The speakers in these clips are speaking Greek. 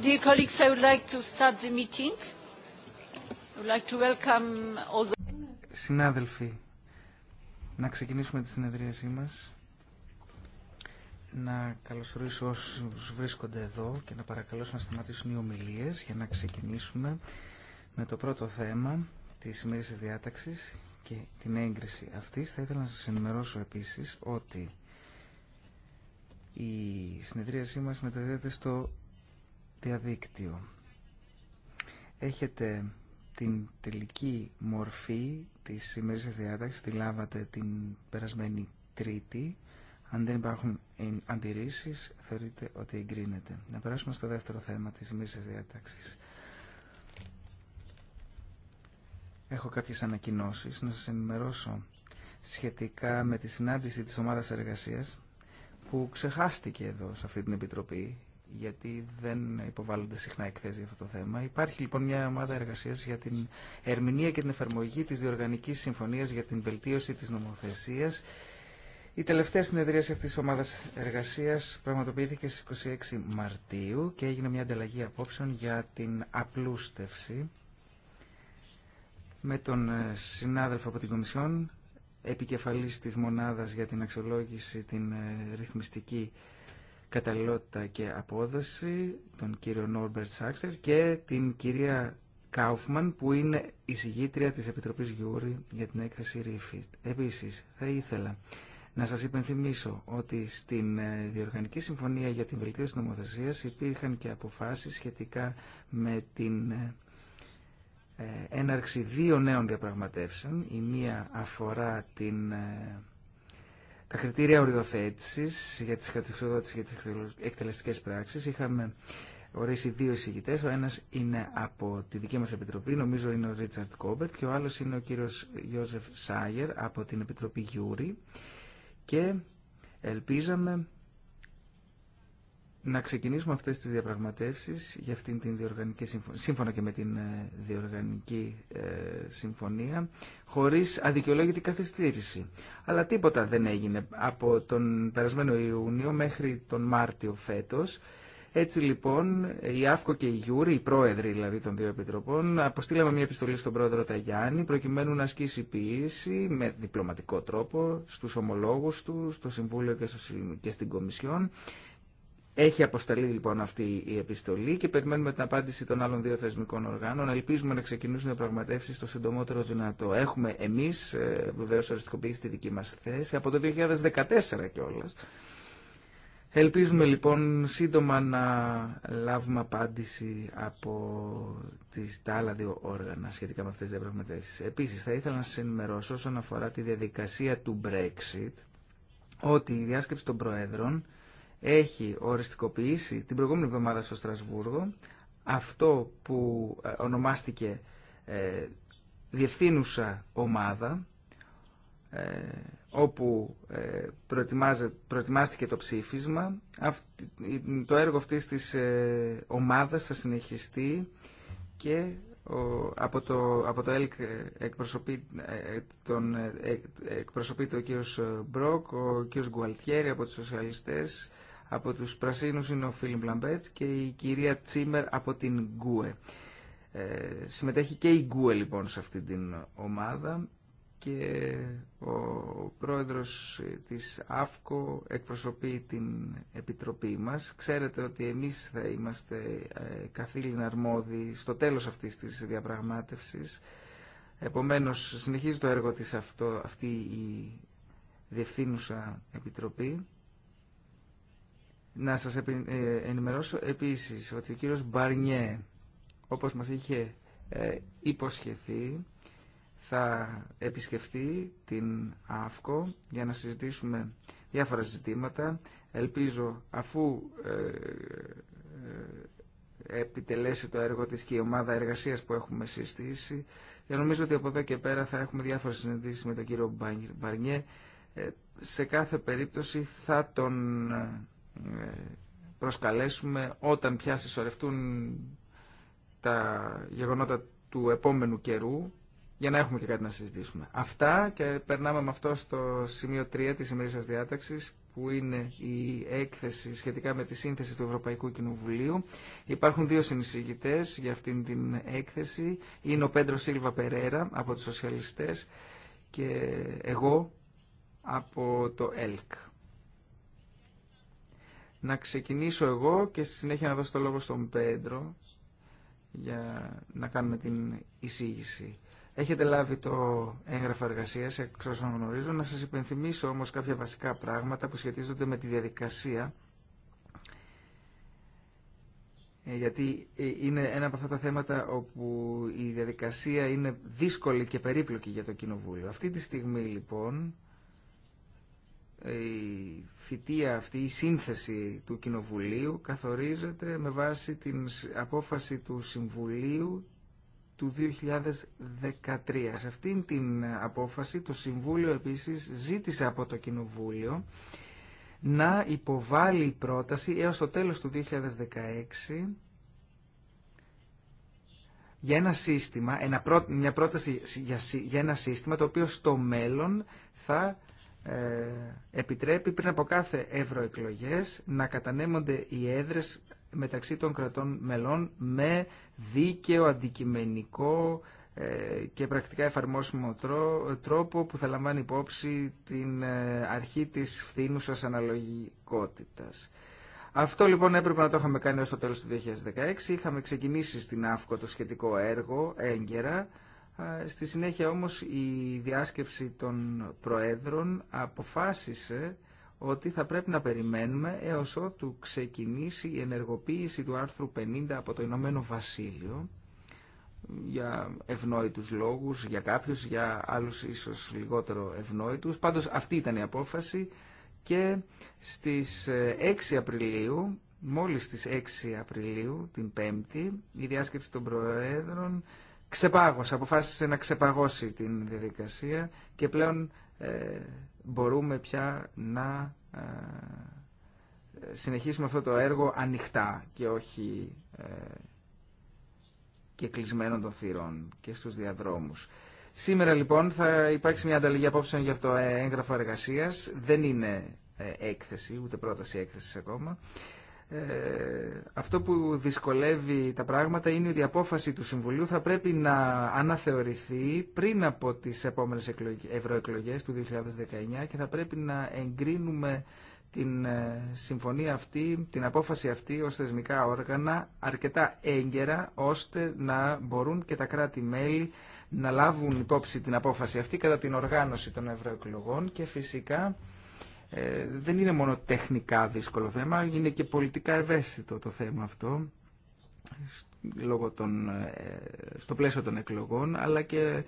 Dear I like to start meeting. like to welcome all Συνάδελφοι, να ξεκινήσουμε τη συνεδρίασή μας. Να καλωσορίσω όσους βρίσκονται εδώ και να παρακαλώσω να σταματήσουν οι ομιλίες για να ξεκινήσουμε με το πρώτο θέμα της σημερινής διάταξης, και την έγκριση αυτή. Θα ήθελα να σας ενημερώσω επίσης ότι η συνεδρίασή μας μεταδίδεται στο διαδίκτυο. Έχετε την τελική μορφή της σημερινής διάταξης, τη λάβατε την περασμένη Τρίτη. Αν δεν υπάρχουν αντιρρήσεις, θεωρείτε ότι εγκρίνεται. Να περάσουμε στο δεύτερο θέμα της σημερινής διάταξης. Έχω κάποιες ανακοινώσεις να σας ενημερώσω σχετικά με τη συνάντηση της ομάδας εργασίας που ξεχάστηκε εδώ σε αυτή την Επιτροπή γιατί δεν υποβάλλονται συχνά εκθέσει για αυτό το θέμα. Υπάρχει λοιπόν μια ομάδα εργασία για την ερμηνεία και την εφαρμογή τη Διοργανική Συμφωνία για την βελτίωση τη Νομοθεσία. Η τελευταία συνεδρίαση αυτή τη ομάδα εργασία πραγματοποιήθηκε στι 26 Μαρτίου και έγινε μια ανταλλαγή απόψεων για την απλούστευση με τον ε, συνάδελφο από την Κομισιόν, επικεφαλής της μονάδας για την αξιολόγηση, την ε, ρυθμιστική καταλληλότητα και απόδοση, τον κύριο Νόρμπερτ Σάξερ και την κυρία Κάουφμαν που είναι η συγγήτρια της Επιτροπής Γιούρη για την έκθεση Ρίφιτ. Επίσης, θα ήθελα να σας υπενθυμίσω ότι στην ε, Διοργανική Συμφωνία για την Βελτίωση Νομοθεσίας υπήρχαν και αποφάσεις σχετικά με την ε, έναρξη δύο νέων διαπραγματεύσεων. Η μία αφορά την, ε, τα κριτήρια οριοθέτησης για τις κατηγορίες, και τις εκτελεστικές πράξεις. Είχαμε ορίσει δύο εισηγητέ. Ο ένας είναι από τη δική μας επιτροπή, νομίζω είναι ο Ρίτσαρτ Κόμπερτ και ο άλλος είναι ο κύριος Γιώζεφ Σάγερ από την Επιτροπή Γιούρι και ελπίζαμε να ξεκινήσουμε αυτές τις διαπραγματεύσεις για αυτήν την διοργανική συμφωνία, σύμφωνα και με την ε, διοργανική ε, συμφωνία, χωρίς αδικαιολόγητη καθυστήρηση. Αλλά τίποτα δεν έγινε από τον περασμένο Ιούνιο μέχρι τον Μάρτιο φέτος. Έτσι λοιπόν, η ΑΦΚΟ και η Γιούρη, οι πρόεδροι δηλαδή των δύο επιτροπών, αποστήλαμε μια επιστολή στον πρόεδρο Ταγιάννη προκειμένου να ασκήσει ποιήση με διπλωματικό τρόπο στους ομολόγους του, στο Συμβούλιο και, και στην Κομισιόν έχει αποσταλεί λοιπόν αυτή η επιστολή και περιμένουμε την απάντηση των άλλων δύο θεσμικών οργάνων. Ελπίζουμε να ξεκινήσουν διαπραγματεύσει το συντομότερο δυνατό. Έχουμε εμεί ε, βεβαίω οριστικοποιήσει τη δική μα θέση από το 2014 κιόλα. Ελπίζουμε λοιπόν σύντομα να λάβουμε απάντηση από τις, τα άλλα δύο όργανα σχετικά με αυτές τις διαπραγματεύσει. Επίσης θα ήθελα να σας ενημερώσω όσον αφορά τη διαδικασία του Brexit ότι η διάσκεψη των Προέδρων έχει οριστικοποιήσει την προηγούμενη εβδομάδα στο Στρασβούργο αυτό που ε, ονομάστηκε ε, διευθύνουσα ομάδα ε, όπου ε, προετοιμάστηκε το ψήφισμα. το έργο αυτής της ε, ομάδας θα συνεχιστεί και ο, από, το, από το ΕΛΚ εκπροσωπεί, τον, εκπροσωπείται ο κύριος Μπρόκ, ο κύριος Γκουαλτιέρη από τους σοσιαλιστές από τους Πρασίνους είναι ο Φίλιμ Λαμπέτς και η κυρία Τσίμερ από την Γκούε. Ε, συμμετέχει και η Γκούε λοιπόν σε αυτή την ομάδα και ο πρόεδρος της ΑΦΚΟ εκπροσωπεί την επιτροπή μας. Ξέρετε ότι εμείς θα είμαστε ε, καθήλυνα αρμόδιοι στο τέλος αυτής της διαπραγμάτευσης. Επομένως, συνεχίζει το έργο της αυτό, αυτή η διευθύνουσα επιτροπή να σας ε, ενημερώσω επίσης ότι ο κύριος Μπαρνιέ, όπως μας είχε ε, υποσχεθεί, θα επισκεφτεί την ΑΦΚΟ για να συζητήσουμε διάφορα ζητήματα. Ελπίζω αφού ε, επιτελέσει το έργο της και η ομάδα εργασίας που έχουμε συστήσει. για νομίζω ότι από εδώ και πέρα θα έχουμε διάφορες συζητήσεις με τον κύριο Μπαρνιέ. Σε κάθε περίπτωση θα τον προσκαλέσουμε όταν πια συσσωρευτούν τα γεγονότα του επόμενου καιρού για να έχουμε και κάτι να συζητήσουμε. Αυτά και περνάμε με αυτό στο σημείο 3 της σας διάταξης που είναι η έκθεση σχετικά με τη σύνθεση του Ευρωπαϊκού Κοινοβουλίου. Υπάρχουν δύο συνεισηγητές για αυτήν την έκθεση. Είναι ο Πέντρο Σίλβα Περέρα από τους Σοσιαλιστές και εγώ από το ΕΛΚ να ξεκινήσω εγώ και στη συνέχεια να δώσω το λόγο στον Πέντρο για να κάνουμε την εισήγηση. Έχετε λάβει το έγγραφο εργασίας, εξ όσων γνωρίζω. Να σας υπενθυμίσω όμω κάποια βασικά πράγματα που σχετίζονται με τη διαδικασία ε, γιατί ε, είναι ένα από αυτά τα θέματα όπου η διαδικασία είναι δύσκολη και περίπλοκη για το Κοινοβούλιο. Αυτή τη στιγμή λοιπόν η φυτία αυτή, η σύνθεση του Κοινοβουλίου καθορίζεται με βάση την απόφαση του Συμβουλίου του 2013. Σε αυτήν την απόφαση το Συμβούλιο επίσης ζήτησε από το Κοινοβούλιο να υποβάλει πρόταση έως το τέλος του 2016 για ένα σύστημα, μια πρόταση για ένα σύστημα το οποίο στο μέλλον θα ε, επιτρέπει πριν από κάθε ευρωεκλογέ να κατανέμονται οι έδρες μεταξύ των κρατών μελών με δίκαιο, αντικειμενικό ε, και πρακτικά εφαρμόσιμο τρόπο που θα λαμβάνει υπόψη την ε, αρχή της φθήνουσας αναλογικότητας. Αυτό λοιπόν έπρεπε να το είχαμε κάνει ως το τέλος του 2016. Είχαμε ξεκινήσει στην ΑΦΚΟ το σχετικό έργο έγκαιρα. Στη συνέχεια όμως η διάσκεψη των Προέδρων αποφάσισε ότι θα πρέπει να περιμένουμε έως ότου ξεκινήσει η ενεργοποίηση του άρθρου 50 από το Ηνωμένο Βασίλειο για ευνόητους λόγους, για κάποιους, για άλλους ίσως λιγότερο ευνόητους. Πάντως αυτή ήταν η απόφαση και στις 6 ε, Απριλίου, μόλις στις 6 Απριλίου, την Πέμπτη, η διάσκεψη των Προέδρων ξεπάγωσε, αποφάσισε να ξεπαγώσει την διαδικασία και πλέον ε, μπορούμε πια να ε, συνεχίσουμε αυτό το έργο ανοιχτά και όχι ε, και κλεισμένων των θυρών και στους διαδρόμους. Σήμερα λοιπόν θα υπάρξει μια ανταλλαγή απόψεων για το έγγραφο εργασίας. Δεν είναι έκθεση, ούτε πρόταση έκθεσης ακόμα. Ε, αυτό που δυσκολεύει τα πράγματα είναι ότι η απόφαση του Συμβουλίου θα πρέπει να αναθεωρηθεί πριν από τις επόμενες ευρωεκλογές του 2019 και θα πρέπει να εγκρίνουμε την ε, συμφωνία αυτή, την απόφαση αυτή ως θεσμικά όργανα αρκετά έγκαιρα ώστε να μπορούν και τα κράτη-μέλη να λάβουν υπόψη την απόφαση αυτή κατά την οργάνωση των ευρωεκλογών και φυσικά ε, δεν είναι μόνο τεχνικά δύσκολο θέμα, είναι και πολιτικά ευαίσθητο το θέμα αυτό λόγω των, ε, στο πλαίσιο των εκλογών αλλά και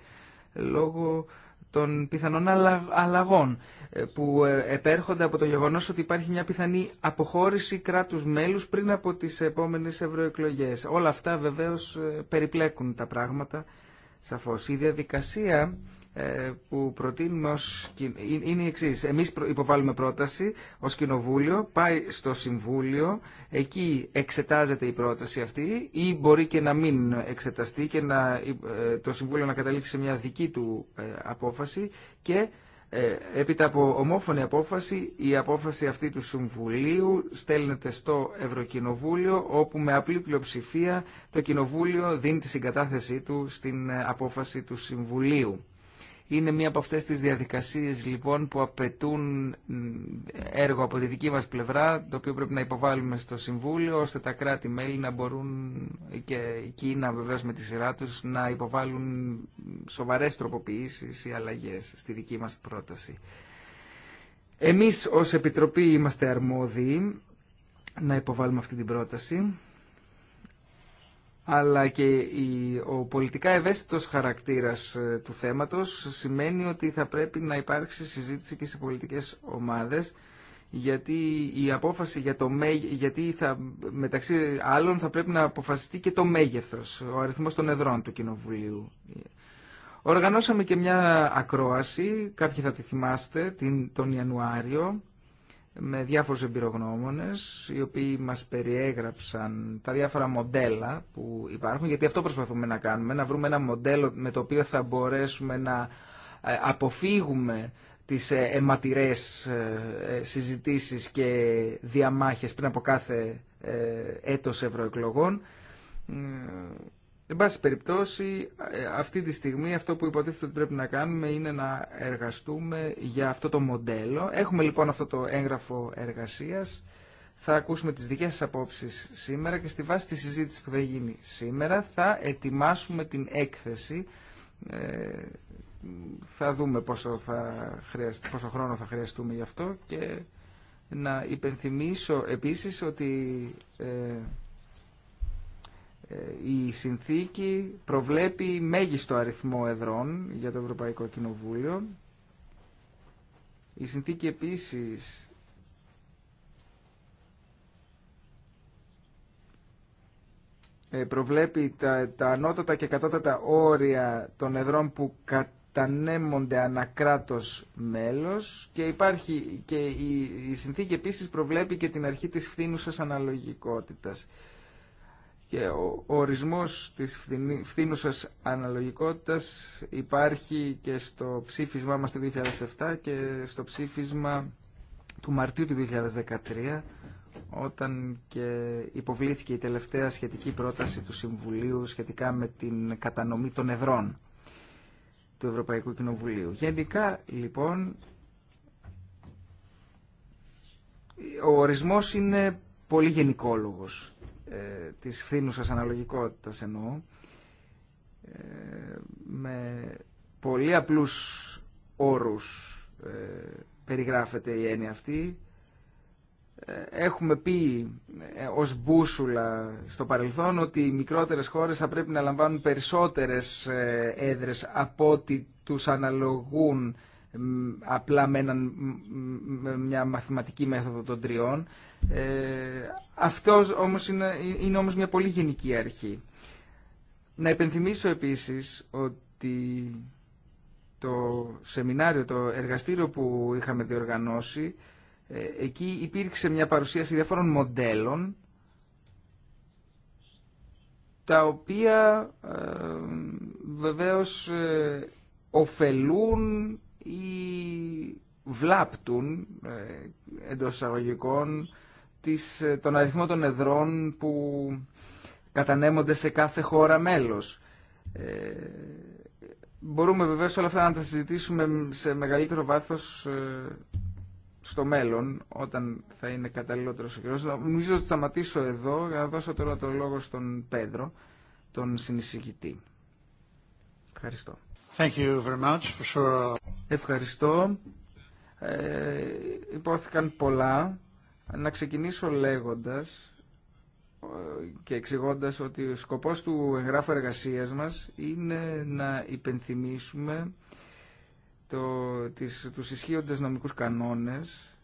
λόγω των πιθανών αλλαγών ε, που επέρχονται από το γεγονός ότι υπάρχει μια πιθανή αποχώρηση κράτους μέλους πριν από τις επόμενες ευρωεκλογές. Όλα αυτά βεβαίως περιπλέκουν τα πράγματα σαφώς. Η διαδικασία ε, που προτείνουμε ως... είναι η εξή. Εμείς υποβάλλουμε πρόταση ως Κοινοβούλιο, πάει στο Συμβούλιο, εκεί εξετάζεται η πρόταση αυτή ή μπορεί και να μην εξεταστεί και να, ε, το Συμβούλιο να καταλήξει σε μια δική του ε, απόφαση και έπειτα από ομόφωνη απόφαση η απόφαση αυτή του Συμβουλίου στέλνεται στο Ευρωκοινοβούλιο όπου με απλή πλειοψηφία το Κοινοβούλιο δίνει τη συγκατάθεσή του στην απόφαση του Συμβουλίου. Είναι μία από αυτές τις διαδικασίες λοιπόν που απαιτούν έργο από τη δική μας πλευρά, το οποίο πρέπει να υποβάλουμε στο Συμβούλιο, ώστε τα κράτη-μέλη να μπορούν και εκείνα να βεβαίως με τη σειρά τους να υποβάλουν σοβαρές τροποποιήσεις ή αλλαγές στη δική μας πρόταση. Εμείς ως Επιτροπή είμαστε αρμόδιοι να υποβάλουμε αυτή την πρόταση αλλά και ο πολιτικά ευαίσθητος χαρακτήρας ε, του θέματος σημαίνει ότι θα πρέπει να υπάρξει συζήτηση και σε πολιτικές ομάδες γιατί η απόφαση για το γιατί θα, μεταξύ άλλων θα πρέπει να αποφασιστεί και το μέγεθος, ο αριθμός των εδρών του Κοινοβουλίου. Οργανώσαμε και μια ακρόαση, κάποιοι θα τη θυμάστε, την, τον Ιανουάριο, με διάφορους εμπειρογνώμονες οι οποίοι μας περιέγραψαν τα διάφορα μοντέλα που υπάρχουν γιατί αυτό προσπαθούμε να κάνουμε, να βρούμε ένα μοντέλο με το οποίο θα μπορέσουμε να ε, αποφύγουμε τις ε, αιματηρές ε, συζητήσεις και διαμάχες πριν από κάθε έτος ευρωεκλογών Εν πάση περιπτώσει, ε, αυτή τη στιγμή αυτό που υποτίθεται ότι πρέπει να κάνουμε είναι να εργαστούμε για αυτό το μοντέλο. Έχουμε λοιπόν αυτό το έγγραφο εργασίας. Θα ακούσουμε τις δικές σας απόψεις σήμερα και στη βάση της συζήτησης που θα γίνει σήμερα θα ετοιμάσουμε την έκθεση. Ε, θα δούμε πόσο, θα χρειαστεί, πόσο χρόνο θα χρειαστούμε γι' αυτό και να υπενθυμίσω επίσης ότι... Ε, η συνθήκη προβλέπει μέγιστο αριθμό εδρών για το Ευρωπαϊκό Κοινοβούλιο. Η συνθήκη επίσης ε, προβλέπει τα, τα ανώτατα και κατώτατα όρια των εδρών που κατανέμονται ανακράτος μέλος και υπάρχει και η, η συνθήκη επίσης προβλέπει και την αρχή της φθήνουσας αναλογικότητας και ο ορισμός της φθήνουσας αναλογικότητας υπάρχει και στο ψήφισμά μας το 2007 και στο ψήφισμα του Μαρτίου του 2013 όταν και υποβλήθηκε η τελευταία σχετική πρόταση του Συμβουλίου σχετικά με την κατανομή των εδρών του Ευρωπαϊκού Κοινοβουλίου. Γενικά, λοιπόν, ο ορισμός είναι πολύ γενικόλογος ε, της φθήνουσας αναλογικότητας εννοώ, ε, με πολύ απλούς όρους ε, περιγράφεται η έννοια αυτή. Έχουμε πει ως μπούσουλα στο παρελθόν ότι οι μικρότερες χώρες θα πρέπει να λαμβάνουν περισσότερες έδρες από ό,τι τους αναλογούν απλά με, μια μαθηματική μέθοδο των τριών. Ε, αυτός όμως είναι, είναι όμως μια πολύ γενική αρχή. Να υπενθυμίσω επίσης ότι το σεμινάριο, το εργαστήριο που είχαμε διοργανώσει, ε, εκεί υπήρξε μια παρουσίαση διαφόρων μοντέλων, τα οποία ε, βεβαίως ε, ωφελούν ή βλάπτουν ε, εντό εισαγωγικών τις, ε, τον αριθμό των εδρών που κατανέμονται σε κάθε χώρα μέλος. Ε, μπορούμε βεβαίως όλα αυτά να τα συζητήσουμε σε μεγαλύτερο βάθος ε, στο μέλλον, όταν θα είναι καταλληλότερος ο καιρός. Νομίζω ότι σταματήσω εδώ για να δώσω τώρα το λόγο στον Πέδρο, τον συνεισηγητή. Ευχαριστώ. Ευχαριστώ. Ε, υπόθηκαν πολλά. Να ξεκινήσω λέγοντας ε, και εξηγώντα ότι ο σκοπός του εγγράφου εργασίας μας είναι να υπενθυμίσουμε το, τις, τους ισχύοντες νομικούς κανόνες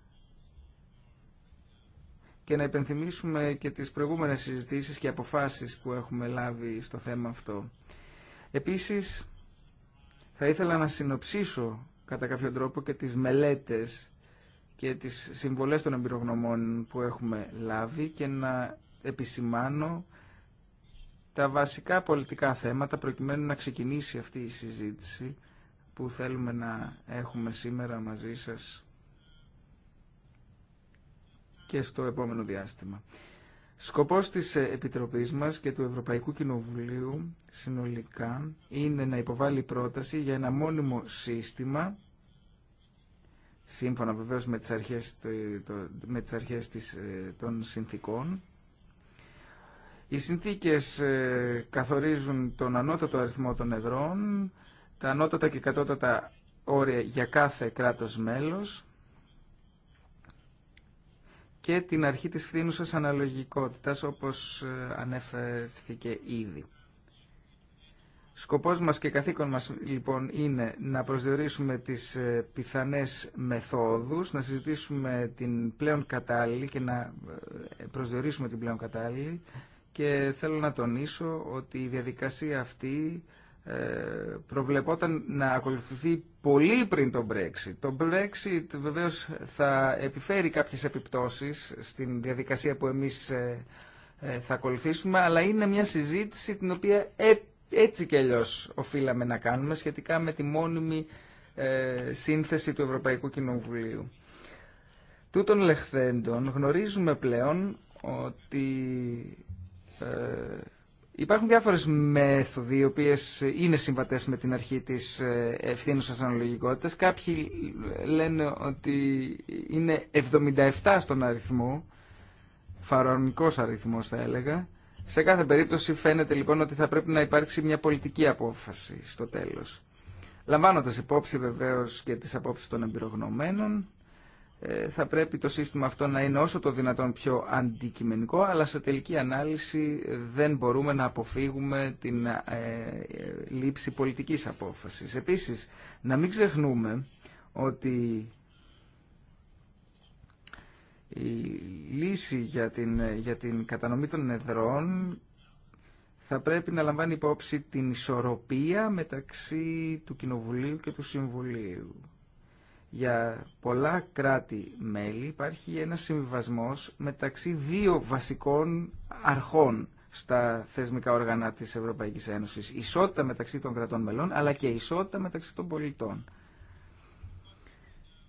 και να υπενθυμίσουμε και τις προηγούμενες συζητήσεις και αποφάσεις που έχουμε λάβει στο θέμα αυτό. Επίσης, θα ήθελα να συνοψίσω κατά κάποιο τρόπο και τις μελέτες και τις συμβολές των εμπειρογνωμών που έχουμε λάβει και να επισημάνω τα βασικά πολιτικά θέματα προκειμένου να ξεκινήσει αυτή η συζήτηση που θέλουμε να έχουμε σήμερα μαζί σας και στο επόμενο διάστημα. Σκοπός της Επιτροπής μας και του Ευρωπαϊκού Κοινοβουλίου συνολικά είναι να υποβάλει πρόταση για ένα μόνιμο σύστημα σύμφωνα βεβαίως με τις αρχές, ε, των συνθήκων. Οι συνθήκες ε, καθορίζουν τον ανώτατο αριθμό των εδρών, τα ανώτατα και κατώτατα όρια για κάθε κράτος μέλος και την αρχή της φθήνουσας αναλογικότητας όπως ε, ανέφερθηκε ήδη. Σκοπός μας και καθήκον μας λοιπόν είναι να προσδιορίσουμε τις ε, πιθανές μεθόδους, να συζητήσουμε την πλέον κατάλληλη και να ε, προσδιορίσουμε την πλέον κατάλληλη και θέλω να τονίσω ότι η διαδικασία αυτή προβλεπόταν να ακολουθηθεί πολύ πριν το Brexit. Το Brexit βεβαίως θα επιφέρει κάποιες επιπτώσεις στην διαδικασία που εμείς ε, ε, θα ακολουθήσουμε, αλλά είναι μια συζήτηση την οποία ε, έτσι κι αλλιώ οφείλαμε να κάνουμε σχετικά με τη μόνιμη σύνθεση του Ευρωπαϊκού Κοινοβουλίου. Τούτων λεχθέντων γνωρίζουμε πλέον ότι Υπάρχουν διάφορες μέθοδοι οι οποίες είναι συμβατές με την αρχή της ε, ευθύνουσας αναλογικότητας. Κάποιοι λένε ότι είναι 77 στον αριθμό, φαρονικός αριθμός θα έλεγα. Σε κάθε περίπτωση φαίνεται λοιπόν ότι θα πρέπει να υπάρξει μια πολιτική απόφαση στο τέλος. Λαμβάνοντας υπόψη βεβαίως και τις απόψεις των εμπειρογνωμένων, ε, θα πρέπει το σύστημα αυτό να είναι όσο το δυνατόν πιο αντικειμενικό, αλλά σε τελική ανάλυση δεν μπορούμε να αποφύγουμε την ε, ε, λήψη πολιτικής απόφασης. Επίσης, να μην ξεχνούμε ότι η λύση για την, για την κατανομή των εδρών θα πρέπει να λαμβάνει υπόψη την ισορροπία μεταξύ του Κοινοβουλίου και του Συμβουλίου για πολλά κράτη-μέλη υπάρχει ένας συμβιβασμός μεταξύ δύο βασικών αρχών στα θεσμικά όργανα της Ευρωπαϊκής Ένωσης. Ισότητα μεταξύ των κρατών μελών, αλλά και ισότητα μεταξύ των πολιτών.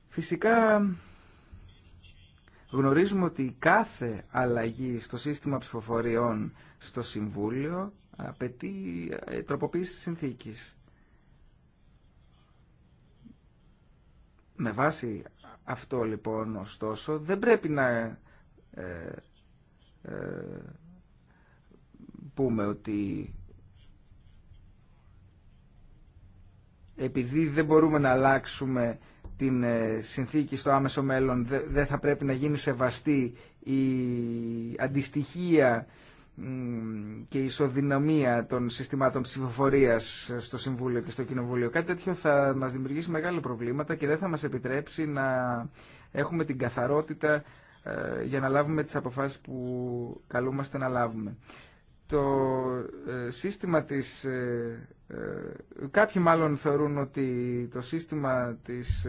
Φυσικά γνωρίζουμε ότι κάθε αλλαγή στο σύστημα ψηφοφοριών στο Συμβούλιο απαιτεί ε, τροποποίηση συνθήκης. Με βάση αυτό λοιπόν ωστόσο δεν πρέπει να ε, ε, πούμε ότι επειδή δεν μπορούμε να αλλάξουμε την ε, συνθήκη στο άμεσο μέλλον δεν θα πρέπει να γίνει σεβαστή η αντιστοιχία και η ισοδυναμία των συστημάτων ψηφοφορία στο Συμβούλιο και στο Κοινοβούλιο. Κάτι τέτοιο θα μα δημιουργήσει μεγάλα προβλήματα και δεν θα μα επιτρέψει να έχουμε την καθαρότητα ε, για να λάβουμε τις αποφάσεις που καλούμαστε να λάβουμε. Το ε, σύστημα της... Ε, κάποιοι μάλλον θεωρούν ότι το σύστημα της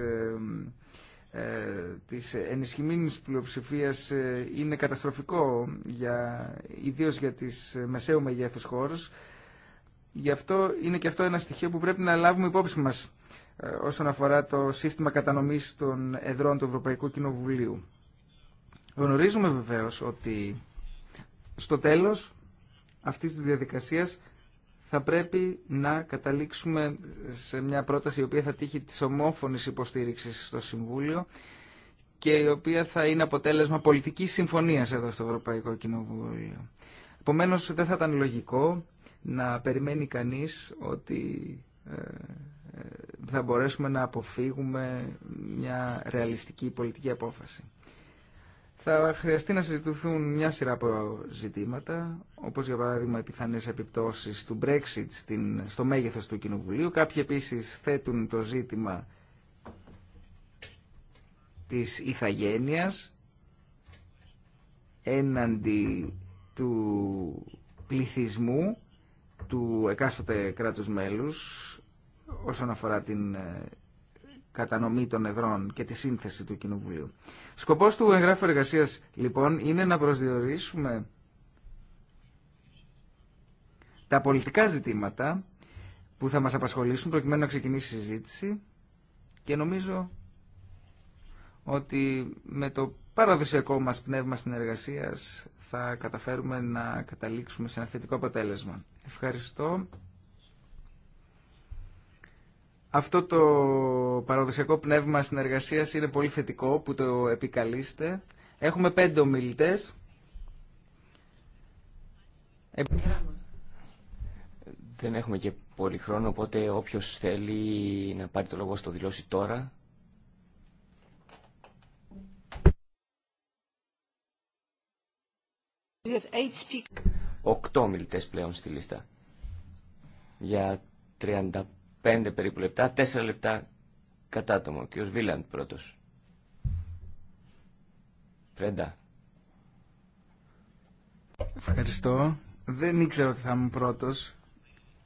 ε, της ενισχυμένης πλειοψηφίας ε, είναι καταστροφικό για, ιδίως για τις μεσαίου μεγέθους χώρους. Γι' αυτό είναι και αυτό ένα στοιχείο που πρέπει να λάβουμε υπόψη μας ε, όσον αφορά το σύστημα κατανομής των εδρών του Ευρωπαϊκού Κοινοβουλίου. Γνωρίζουμε βεβαίως ότι στο τέλος αυτής της διαδικασίας θα πρέπει να καταλήξουμε σε μια πρόταση η οποία θα τύχει της ομόφωνης υποστήριξης στο Συμβούλιο και η οποία θα είναι αποτέλεσμα πολιτικής συμφωνίας εδώ στο Ευρωπαϊκό Κοινοβούλιο. Επομένω, δεν θα ήταν λογικό να περιμένει κανείς ότι ε, ε, θα μπορέσουμε να αποφύγουμε μια ρεαλιστική πολιτική απόφαση. Θα χρειαστεί να συζητηθούν μια σειρά από ζητήματα, όπως για παράδειγμα οι πιθανές επιπτώσεις του Brexit στο μέγεθος του Κοινοβουλίου. Κάποιοι επίσης θέτουν το ζήτημα της ηθαγένειας έναντι του πληθυσμού του εκάστοτε κράτους μέλους όσον αφορά την ε, κατανομή των εδρών και τη σύνθεση του Κοινοβουλίου. Σκοπός του εγγράφου εργασίας λοιπόν είναι να προσδιορίσουμε τα πολιτικά ζητήματα που θα μας απασχολήσουν προκειμένου να ξεκινήσει η συζήτηση και νομίζω ότι με το παραδοσιακό μας πνεύμα συνεργασίας θα καταφέρουμε να καταλήξουμε σε ένα θετικό αποτέλεσμα. Ευχαριστώ. Αυτό το παραδοσιακό πνεύμα συνεργασίας είναι πολύ θετικό που το επικαλείστε. Έχουμε πέντε ομιλητές. Ε, Δεν έχουμε και πολύ χρόνο, οπότε όποιος θέλει να πάρει το λόγο στο δηλώσει τώρα. Οκτώ ομιλητές πλέον στη λίστα. Για 35 Πέντε περίπου λεπτά, Τέσσερα λεπτά κατά άτομο. Και Βίλαντ πρώτος. Φρέντα. Ευχαριστώ. Δεν ήξερα ότι θα ήμουν πρώτος.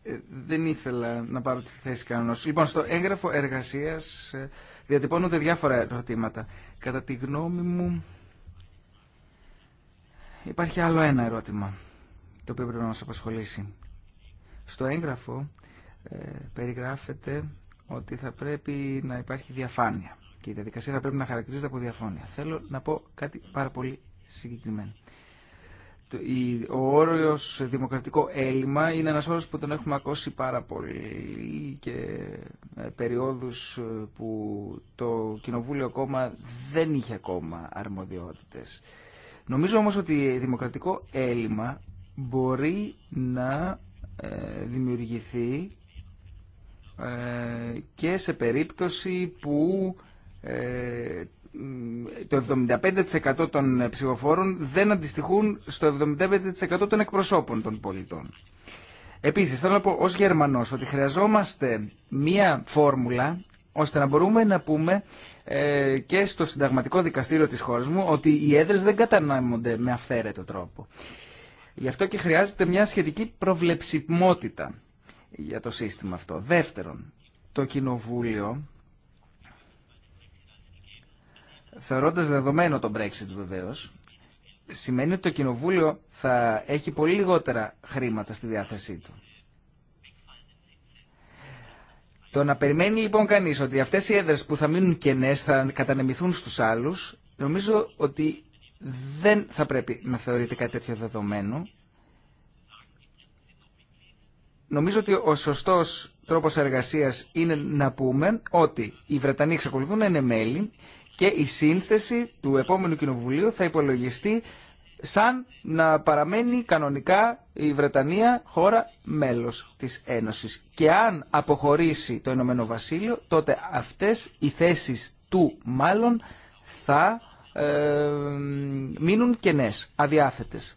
Ε, δεν ήθελα να πάρω τη θέση κανένα. Λοιπόν, στο έγγραφο εργασίας ε, διατυπώνονται διάφορα ερωτήματα. Κατά τη γνώμη μου υπάρχει άλλο ένα ερώτημα το οποίο πρέπει να μας απασχολήσει. Στο έγγραφο ε, περιγράφεται ότι θα πρέπει να υπάρχει διαφάνεια και η διαδικασία θα πρέπει να χαρακτηρίζεται από διαφάνεια. Θέλω να πω κάτι πάρα πολύ συγκεκριμένο. Ο όρος δημοκρατικό έλλειμμα είναι ένας όρος που τον έχουμε ακούσει πάρα πολύ και ε, περιόδους ε, που το Κοινοβούλιο ακόμα δεν είχε ακόμα αρμοδιότητες. Νομίζω όμως ότι δημοκρατικό έλλειμμα μπορεί να δημιουργηθεί ε, και σε περίπτωση που ε, το 75% των ψηφοφόρων δεν αντιστοιχούν στο 75% των εκπροσώπων των πολιτών. Επίσης, θέλω να πω ως Γερμανός ότι χρειαζόμαστε μία φόρμουλα ώστε να μπορούμε να πούμε ε, και στο συνταγματικό δικαστήριο της χώρας μου ότι οι έδρες δεν κατανόμονται με αυθαίρετο τρόπο. Γι' αυτό και χρειάζεται μια σχετική προβλεψιμότητα για το σύστημα αυτό. Δεύτερον, το Κοινοβούλιο, θεωρώντας δεδομένο το Brexit βεβαίως, σημαίνει ότι το Κοινοβούλιο θα έχει πολύ λιγότερα χρήματα στη διάθεσή του. Το να περιμένει λοιπόν κανείς ότι αυτές οι έδρες που θα μείνουν κενές θα κατανεμηθούν στους άλλους, νομίζω ότι δεν θα πρέπει να θεωρείται κάτι τέτοιο δεδομένο Νομίζω ότι ο σωστός τρόπος εργασίας είναι να πούμε ότι οι Βρετανοί εξακολουθούν να είναι μέλη και η σύνθεση του επόμενου κοινοβουλίου θα υπολογιστεί σαν να παραμένει κανονικά η Βρετανία χώρα μέλος της Ένωσης. Και αν αποχωρήσει το Ηνωμένο Βασίλειο, τότε αυτές οι θέσεις του μάλλον θα ε, μείνουν κενές, αδιάθετες.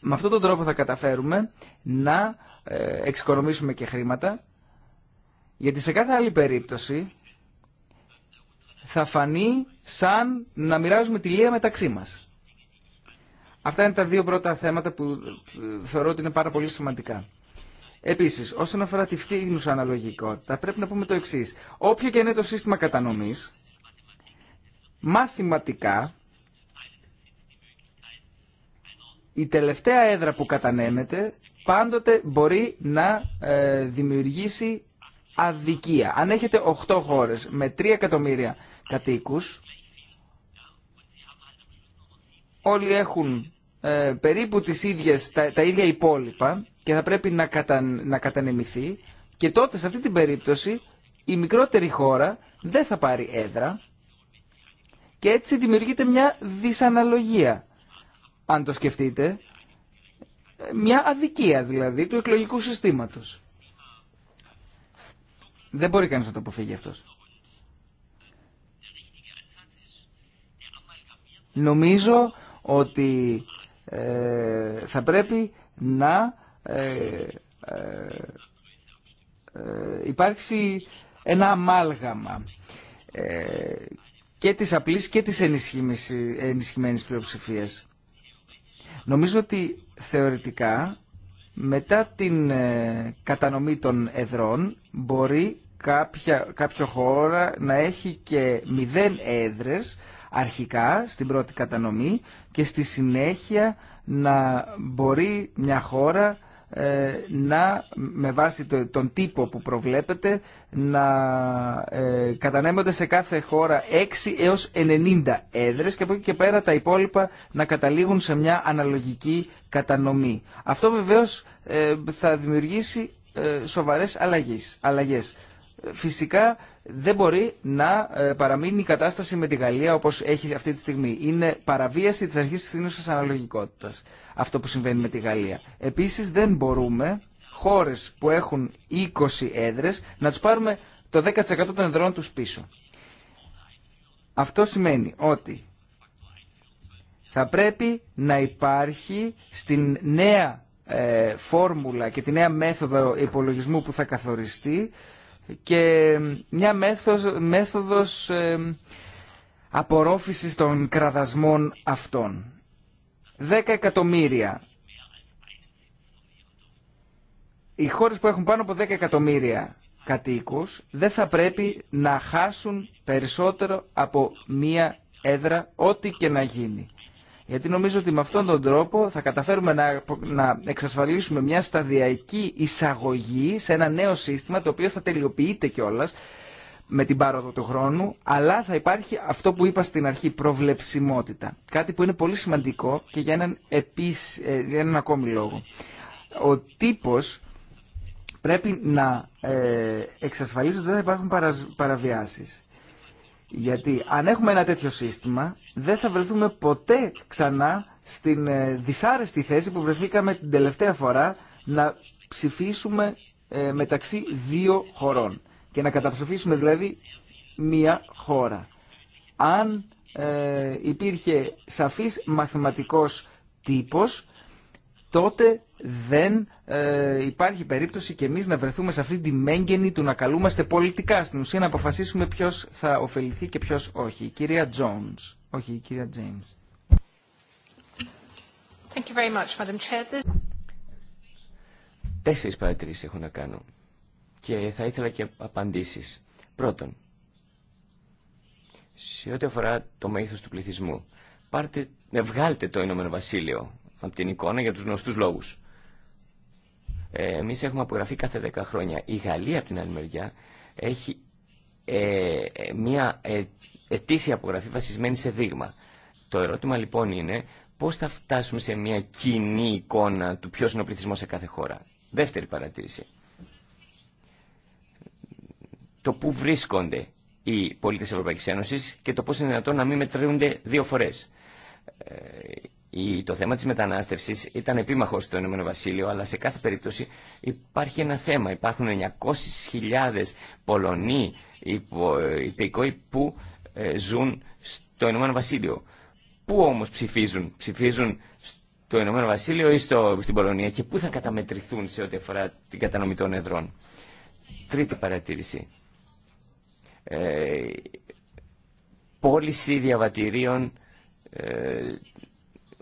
Με αυτόν τον τρόπο θα καταφέρουμε να ε, εξοικονομήσουμε και χρήματα, γιατί σε κάθε άλλη περίπτωση θα φανεί σαν να μοιράζουμε τη λία μεταξύ μας. Αυτά είναι τα δύο πρώτα θέματα που ε, θεωρώ ότι είναι πάρα πολύ σημαντικά. Επίσης, όσον αφορά τη φτύνουσα αναλογικότητα, πρέπει να πούμε το εξής. Όποιο και είναι το σύστημα κατανομής, μαθηματικά, η τελευταία έδρα που κατανέμεται πάντοτε μπορεί να ε, δημιουργήσει αδικία. Αν έχετε 8 χώρες με 3 εκατομμύρια κατοίκους, όλοι έχουν ε, περίπου τις ίδιες, τα, ίδια υπόλοιπα και θα πρέπει να, να κατανεμηθεί και τότε σε αυτή την περίπτωση η μικρότερη χώρα δεν θα πάρει έδρα και έτσι δημιουργείται μια δυσαναλογία. Αν το σκεφτείτε, μια αδικία δηλαδή του εκλογικού συστήματος. Δεν μπορεί κανείς να το αποφύγει αυτός. Νομίζω ότι ε, θα πρέπει να ε, ε, ε υπάρξει ένα αμάλγαμα και της απλής και της ενισχυμένης πλειοψηφίας. Νομίζω ότι θεωρητικά μετά την ε, κατανομή των εδρών μπορεί κάποια, κάποια χώρα να έχει και μηδέν έδρες αρχικά στην πρώτη κατανομή και στη συνέχεια να μπορεί μια χώρα ε, να με βάση τον τύπο που προβλέπετε να ε, κατανέμονται σε κάθε χώρα 6 έως 90 έδρες και από εκεί και πέρα τα υπόλοιπα να καταλήγουν σε μια αναλογική κατανομή. Αυτό βεβαίως ε, θα δημιουργήσει ε, σοβαρές αλλαγές. αλλαγές φυσικά δεν μπορεί να ε, παραμείνει η κατάσταση με τη Γαλλία όπως έχει αυτή τη στιγμή. Είναι παραβίαση της αρχής της θύνωσης αναλογικότητας αυτό που συμβαίνει με τη Γαλλία. Επίσης δεν μπορούμε χώρες που έχουν 20 έδρες να τους πάρουμε το 10% των εδρών τους πίσω. Αυτό σημαίνει ότι θα πρέπει να υπάρχει στην νέα ε, φόρμουλα και τη νέα μέθοδο υπολογισμού που θα καθοριστεί και μια μέθοδος, μέθοδος απορρόφησης των κραδασμών αυτών. Δέκα εκατομμύρια. Οι χώρες που έχουν πάνω από 10 εκατομμύρια κατοίκους δεν θα πρέπει να χάσουν περισσότερο από μία έδρα ό,τι και να γίνει. Γιατί νομίζω ότι με αυτόν τον τρόπο θα καταφέρουμε να, να εξασφαλίσουμε μια σταδιακή εισαγωγή σε ένα νέο σύστημα το οποίο θα τελειοποιείται κιόλα με την πάροδο του χρόνου, αλλά θα υπάρχει αυτό που είπα στην αρχή, προβλεψιμότητα. Κάτι που είναι πολύ σημαντικό και για έναν, επίσης, ε, για έναν ακόμη λόγο. Ο τύπος πρέπει να ε, εξασφαλίζεται ότι δεν θα υπάρχουν παραβιάσεις. Γιατί αν έχουμε ένα τέτοιο σύστημα δεν θα βρεθούμε ποτέ ξανά στην ε, δυσάρεστη θέση που βρεθήκαμε την τελευταία φορά να ψηφίσουμε ε, μεταξύ δύο χωρών και να καταψηφίσουμε δηλαδή μία χώρα. Αν ε, υπήρχε σαφής μαθηματικός τύπος τότε δεν ε, υπάρχει περίπτωση και εμείς να βρεθούμε σε αυτή τη μέγενη του να καλούμαστε πολιτικά στην ουσία να αποφασίσουμε ποιος θα ωφεληθεί και ποιος όχι. Η κυρία Jones, όχι η κυρία Τζέιμς. Thank you very much, Madam Chair. Τέσσερις παρατηρήσεις έχω να κάνω και θα ήθελα και απαντήσεις. Πρώτον, σε ό,τι αφορά το μέγεθος του πληθυσμού, πάρτε, ε, βγάλτε το Ηνωμένο Βασίλειο από την εικόνα για τους γνωστούς λόγους. Ε, εμείς έχουμε απογραφεί κάθε 10 χρόνια. Η Γαλλία, από την άλλη μεριά, έχει ε, μια ε, ετήσια απογραφή βασισμένη σε δείγμα. Το ερώτημα λοιπόν είναι πώς θα φτάσουμε σε μια κοινή εικόνα του ποιος είναι ο πληθυσμός σε κάθε χώρα. Δεύτερη παρατήρηση. Το πού βρίσκονται οι πολίτες της Ευρωπαϊκής και το πώς είναι δυνατόν να μην μετρούνται δύο φορές. Ε, το θέμα της μετανάστευσης ήταν επίμαχο στο Ηνωμένο Βασίλειο, αλλά σε κάθε περίπτωση υπάρχει ένα θέμα. Υπάρχουν 900.000 Πολωνοί υπηκόοι που ε, ζουν στο Ηνωμένο Βασίλειο. Πού όμως ψηφίζουν. Ψηφίζουν στο Ηνωμένο Βασίλειο ή στο, στην Πολωνία και πού θα καταμετρηθούν σε ό,τι αφορά την κατανομή των εδρών. Τρίτη παρατήρηση. Ε, πώληση διαβατηρίων ε,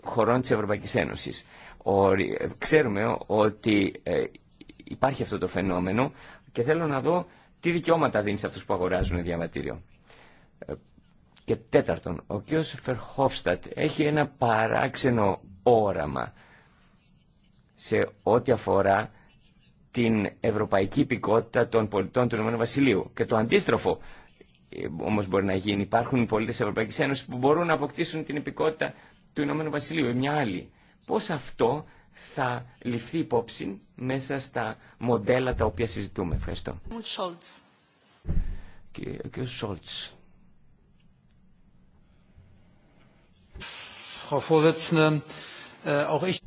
χωρών της Ευρωπαϊκής Ένωσης. Ε, ξέρουμε ότι ε, υπάρχει αυτό το φαινόμενο και θέλω να δω τι δικαιώματα δίνει σε αυτούς που αγοράζουν διαβατήριο. Ε, και τέταρτον, ο κ. Φερχόφστατ έχει ένα παράξενο όραμα σε ό,τι αφορά την ευρωπαϊκή υπηκότητα των πολιτών του Ηνωμένου Βασιλείου. Και το αντίστροφο όμως μπορεί να γίνει. Υπάρχουν πολίτες της Ευρωπαϊκής Ένωσης που μπορούν να αποκτήσουν την υπηκότητα του Ηνωμένου Βασιλείου ή μια άλλη. Πώς αυτό θα ληφθεί υπόψη μέσα στα μοντέλα τα οποία συζητούμε. Ευχαριστώ. Äh,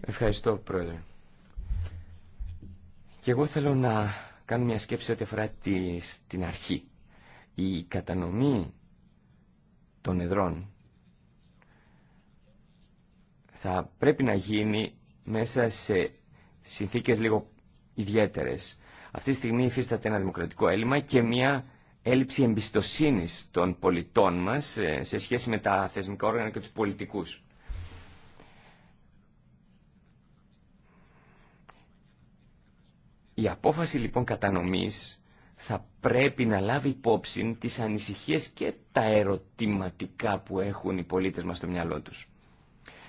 Ευχαριστώ, Πρόεδρε. Και εγώ θέλω να κάνω μια σκέψη ό,τι αφορά την αρχή. Η κατανομή των εδρών. Θα πρέπει να γίνει μέσα σε συνθήκες λίγο ιδιαίτερες. Αυτή τη στιγμή υφίσταται ένα δημοκρατικό έλλειμμα και μια έλλειψη εμπιστοσύνης των πολιτών μας ε, σε σχέση με τα θεσμικά όργανα και τους πολιτικούς. Η απόφαση λοιπόν κατανομής θα πρέπει να λάβει υπόψη τις ανησυχίες και τα ερωτηματικά που έχουν οι πολίτες μας στο μυαλό τους.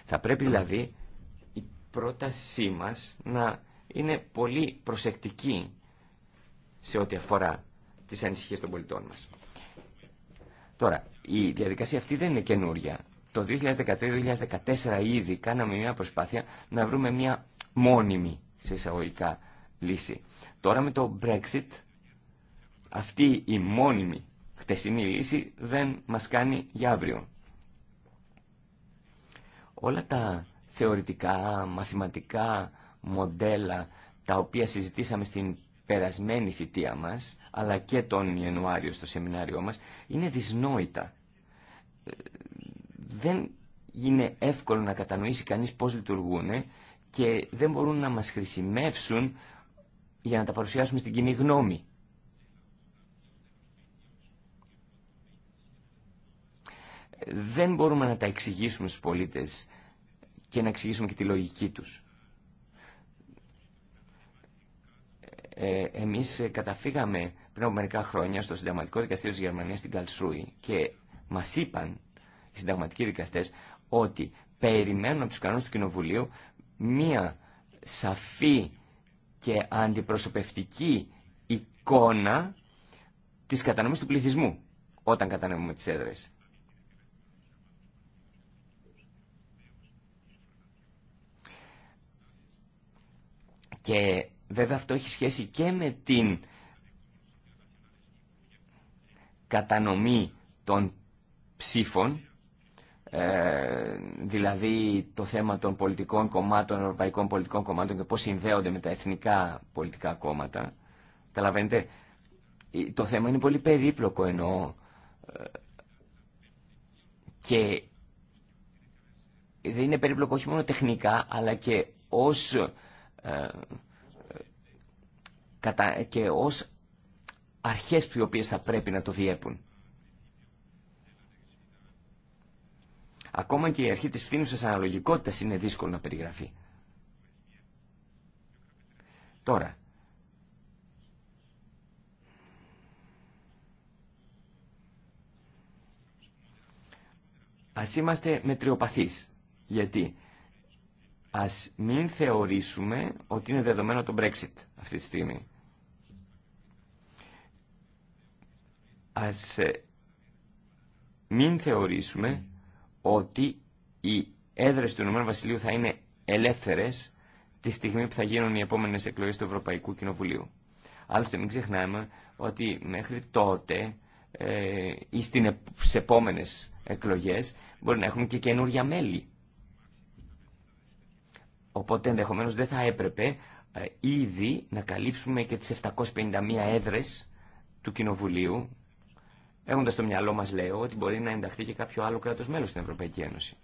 Θα πρέπει δηλαδή η πρότασή μας να είναι πολύ προσεκτική σε ό,τι αφορά τις ανησυχίες των πολιτών μας. Τώρα, η διαδικασία αυτή δεν είναι καινούρια. Το 2013-2014 ήδη κάναμε μια προσπάθεια να βρούμε μια μόνιμη σε εισαγωγικά λύση. Τώρα με το Brexit αυτή η μόνιμη χτεσινή λύση δεν μας κάνει για αύριο. Όλα τα θεωρητικά, μαθηματικά μοντέλα τα οποία συζητήσαμε στην περασμένη θητεία μας, αλλά και τον Ιανουάριο στο σεμινάριό μας, είναι δυσνόητα. Δεν είναι εύκολο να κατανοήσει κανείς πώς λειτουργούν και δεν μπορούν να μας χρησιμεύσουν για να τα παρουσιάσουμε στην κοινή γνώμη. δεν μπορούμε να τα εξηγήσουμε στους πολίτες και να εξηγήσουμε και τη λογική τους. Ε, εμείς ε, καταφύγαμε πριν από μερικά χρόνια στο συνταγματικό δικαστήριο της Γερμανίας στην Καλσρούη και μας είπαν οι συνταγματικοί δικαστές ότι περιμένουν από τους κανόνες του Κοινοβουλίου μία σαφή και αντιπροσωπευτική εικόνα της κατανομής του πληθυσμού όταν κατανομούμε τις έδρες. Και βέβαια αυτό έχει σχέση και με την κατανομή των ψήφων, ε, δηλαδή το θέμα των πολιτικών κομμάτων, των ευρωπαϊκών πολιτικών κομμάτων και πώς συνδέονται με τα εθνικά πολιτικά κόμματα. Καταλαβαίνετε, ε, το θέμα είναι πολύ περίπλοκο εννοώ ε, και δεν είναι περίπλοκο όχι μόνο τεχνικά αλλά και ως ε, και ως αρχές οι οποίες θα πρέπει να το διέπουν. Ακόμα και η αρχή της φθήνουσας αναλογικότητας είναι δύσκολο να περιγραφεί. Τώρα, ας είμαστε μετριοπαθείς. Γιατί ας μην θεωρήσουμε ότι είναι δεδομένο το Brexit αυτή τη στιγμή. Ας ε, μην θεωρήσουμε ότι οι έδρες του Ηνωμένου Βασιλείου θα είναι ελεύθερες τη στιγμή που θα γίνουν οι επόμενες εκλογές του Ευρωπαϊκού Κοινοβουλίου. Άλλωστε μην ξεχνάμε ότι μέχρι τότε ε, ή στις επόμενες εκλογές μπορεί να έχουμε και καινούρια μέλη Οπότε ενδεχομένως δεν θα έπρεπε ε, ήδη να καλύψουμε και τις 751 έδρες του Κοινοβουλίου, έχοντας στο μυαλό μας, λέω, ότι μπορεί να ενταχθεί και κάποιο άλλο κράτος μέλος στην Ευρωπαϊκή Ένωση.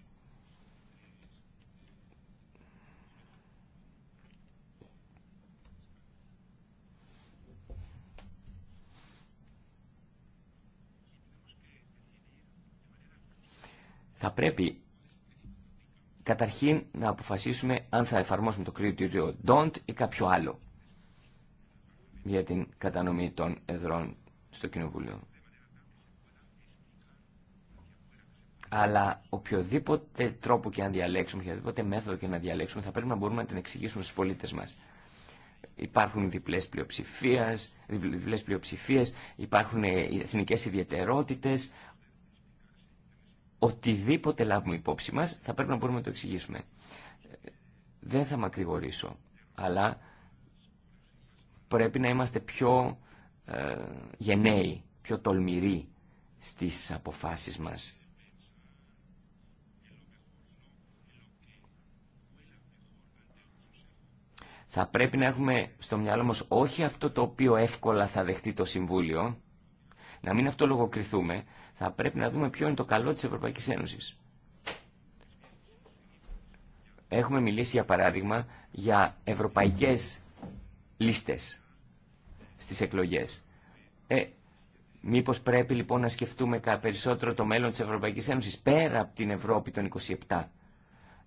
Θα πρέπει Καταρχήν να αποφασίσουμε αν θα εφαρμόσουμε το κριτήριο DON'T ή κάποιο άλλο για την κατανομή των εδρών στο Κοινοβούλιο. Αλλά οποιοδήποτε τρόπο και αν διαλέξουμε, οποιοδήποτε μέθοδο και να διαλέξουμε, θα πρέπει να μπορούμε να την εξηγήσουμε στους πολίτες μας. Υπάρχουν διπλές πλειοψηφίες, διπλές πλειοψηφίες υπάρχουν ε, εθνικές ιδιαιτερότητες, οτιδήποτε λάβουμε υπόψη μας θα πρέπει να μπορούμε να το εξηγήσουμε. Δεν θα μακρηγορήσω, αλλά πρέπει να είμαστε πιο ε, γενναίοι, πιο τολμηροί στις αποφάσεις μας. Θα πρέπει να έχουμε στο μυαλό μας όχι αυτό το οποίο εύκολα θα δεχτεί το Συμβούλιο, να μην αυτολογοκριθούμε, θα πρέπει να δούμε ποιο είναι το καλό της Ευρωπαϊκής Ένωσης. Έχουμε μιλήσει για παράδειγμα για ευρωπαϊκές λίστες στις εκλογές. Ε, μήπως πρέπει λοιπόν να σκεφτούμε περισσότερο το μέλλον της Ευρωπαϊκής Ένωσης πέρα από την Ευρώπη των 27.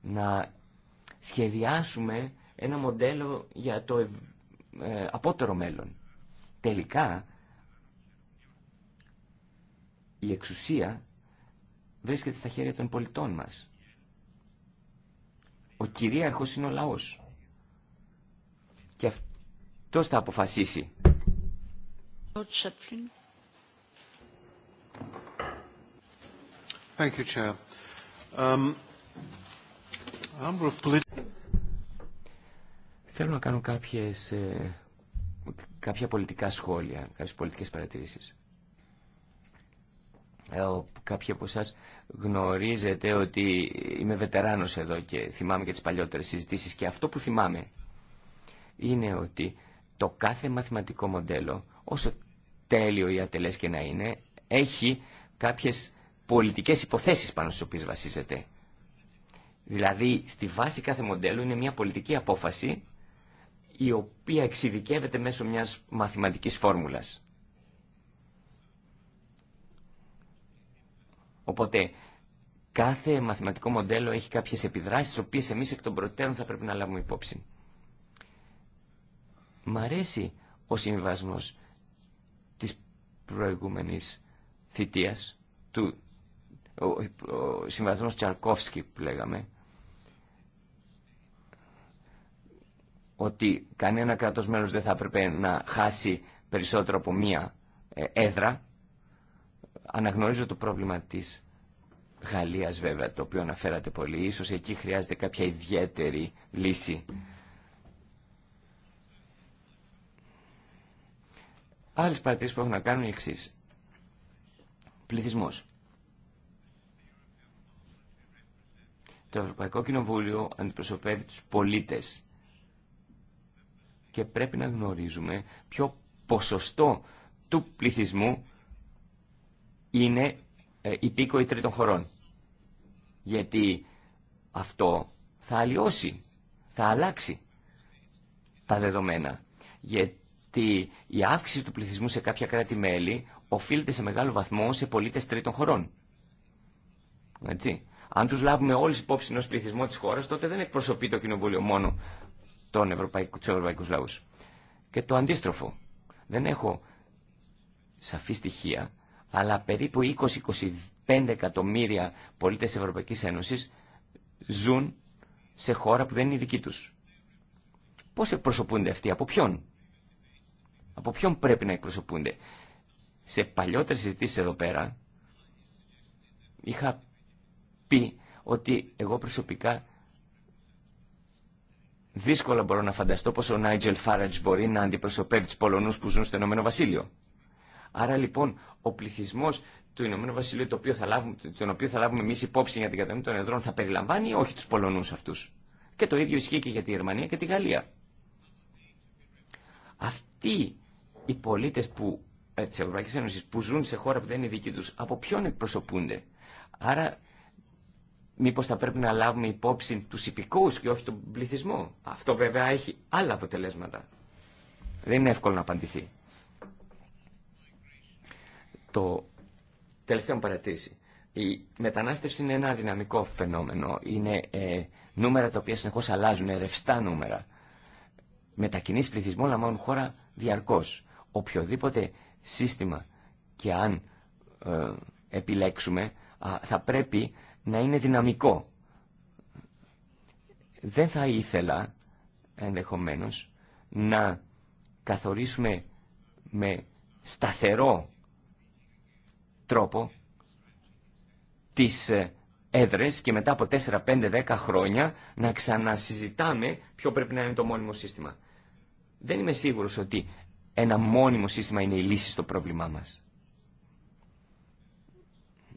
Να σχεδιάσουμε ένα μοντέλο για το ε, απότερο μέλλον. Τελικά η εξουσία βρίσκεται στα χέρια των πολιτών μας. Ο κυρίαρχος είναι ο λαός. Και αυτό θα αποφασίσει. Um, Θέλω να κάνω κάποιες, ε, κάποια πολιτικά σχόλια, κάποιες πολιτικές παρατηρήσεις. Ε, κάποιοι από εσά γνωρίζετε ότι είμαι βετεράνος εδώ και θυμάμαι και τις παλιότερες συζητήσεις και αυτό που θυμάμαι είναι ότι το κάθε μαθηματικό μοντέλο, όσο τέλειο ή ατελές και να είναι, έχει κάποιες πολιτικές υποθέσεις πάνω στις οποίες βασίζεται. Δηλαδή, στη βάση κάθε μοντέλου είναι μια πολιτική απόφαση η οποία εξειδικεύεται μέσω μιας μαθηματικής φόρμουλας. Οπότε κάθε μαθηματικό μοντέλο έχει κάποιες επιδράσεις, τις οποίες εμείς εκ των προτέρων θα πρέπει να λάβουμε υπόψη. Μ' αρέσει ο συμβασμός της προηγούμενης θητείας, του, ο, ο συμβασμός Τσαρκόφσκι που λέγαμε, ότι κανένα κράτος μέλος δεν θα έπρεπε να χάσει περισσότερο από μία ε, έδρα Αναγνωρίζω το πρόβλημα τη Γαλλία βέβαια, το οποίο αναφέρατε πολύ. Σω εκεί χρειάζεται κάποια ιδιαίτερη λύση. Άλλε παρατηρήσει που έχουν να κάνουν είναι εξή. Πληθυσμό. Το Ευρωπαϊκό Κοινοβούλιο αντιπροσωπεύει τους πολίτες και πρέπει να γνωρίζουμε ποιο ποσοστό του πληθυσμού είναι υπήκοοι ε, τρίτων χωρών. Γιατί αυτό θα αλλοιώσει, θα αλλάξει τα δεδομένα. Γιατί η αύξηση του πληθυσμού σε κάποια κράτη-μέλη οφείλεται σε μεγάλο βαθμό σε πολίτες τρίτων χωρών. Έτσι. Αν τους λάβουμε όλους υπόψη ενός πληθυσμού της χώρας, τότε δεν εκπροσωπεί το κοινοβούλιο μόνο των ευρωπαϊκού, τους ευρωπαϊκούς λαούς. Και το αντίστροφο. Δεν έχω σαφή στοιχεία αλλά περίπου 20-25 εκατομμύρια πολίτες Ευρωπαϊκής Ένωσης ζουν σε χώρα που δεν είναι δική τους. Πώς εκπροσωπούνται αυτοί, από ποιον. Από ποιον πρέπει να εκπροσωπούνται. Σε παλιότερες συζητήσεις εδώ πέρα είχα πει ότι εγώ προσωπικά δύσκολα μπορώ να φανταστώ πως ο Νάιτζελ Φάρατζ μπορεί να αντιπροσωπεύει τους Πολωνούς που ζουν στο Ηνωμένο Βασίλειο. Άρα λοιπόν ο πληθυσμό του Ηνωμένου Βασιλείου, το τον οποίο θα λάβουμε εμεί υπόψη για την κατανομή των εδρών, θα περιλαμβάνει όχι του Πολωνού αυτού. Και το ίδιο ισχύει και για τη Γερμανία και τη Γαλλία. Αυτοί οι πολίτε που ε, τη Ευρωπαϊκή Ένωση που ζουν σε χώρα που δεν είναι δική του, από ποιον εκπροσωπούνται. Άρα, μήπω θα πρέπει να λάβουμε υπόψη του υπηκόου και όχι τον πληθυσμό. Αυτό βέβαια έχει άλλα αποτελέσματα. Δεν είναι εύκολο να απαντηθεί. Το τελευταίο μου παρατήρηση. Η μετανάστευση είναι ένα δυναμικό φαινόμενο. Είναι ε, νούμερα τα οποία συνεχώ αλλάζουν, ρευστά νούμερα. Μετακινήσει πληθυσμό λαμβάνουν χώρα διαρκώς. Οποιοδήποτε σύστημα και αν ε, επιλέξουμε θα πρέπει να είναι δυναμικό. Δεν θα ήθελα ενδεχομένως να καθορίσουμε με σταθερό τρόπο τις ε, έδρες και μετά από 4, 5, 10 χρόνια να ξανασυζητάμε ποιο πρέπει να είναι το μόνιμο σύστημα. Δεν είμαι σίγουρος ότι ένα μόνιμο σύστημα είναι η λύση στο πρόβλημά μας.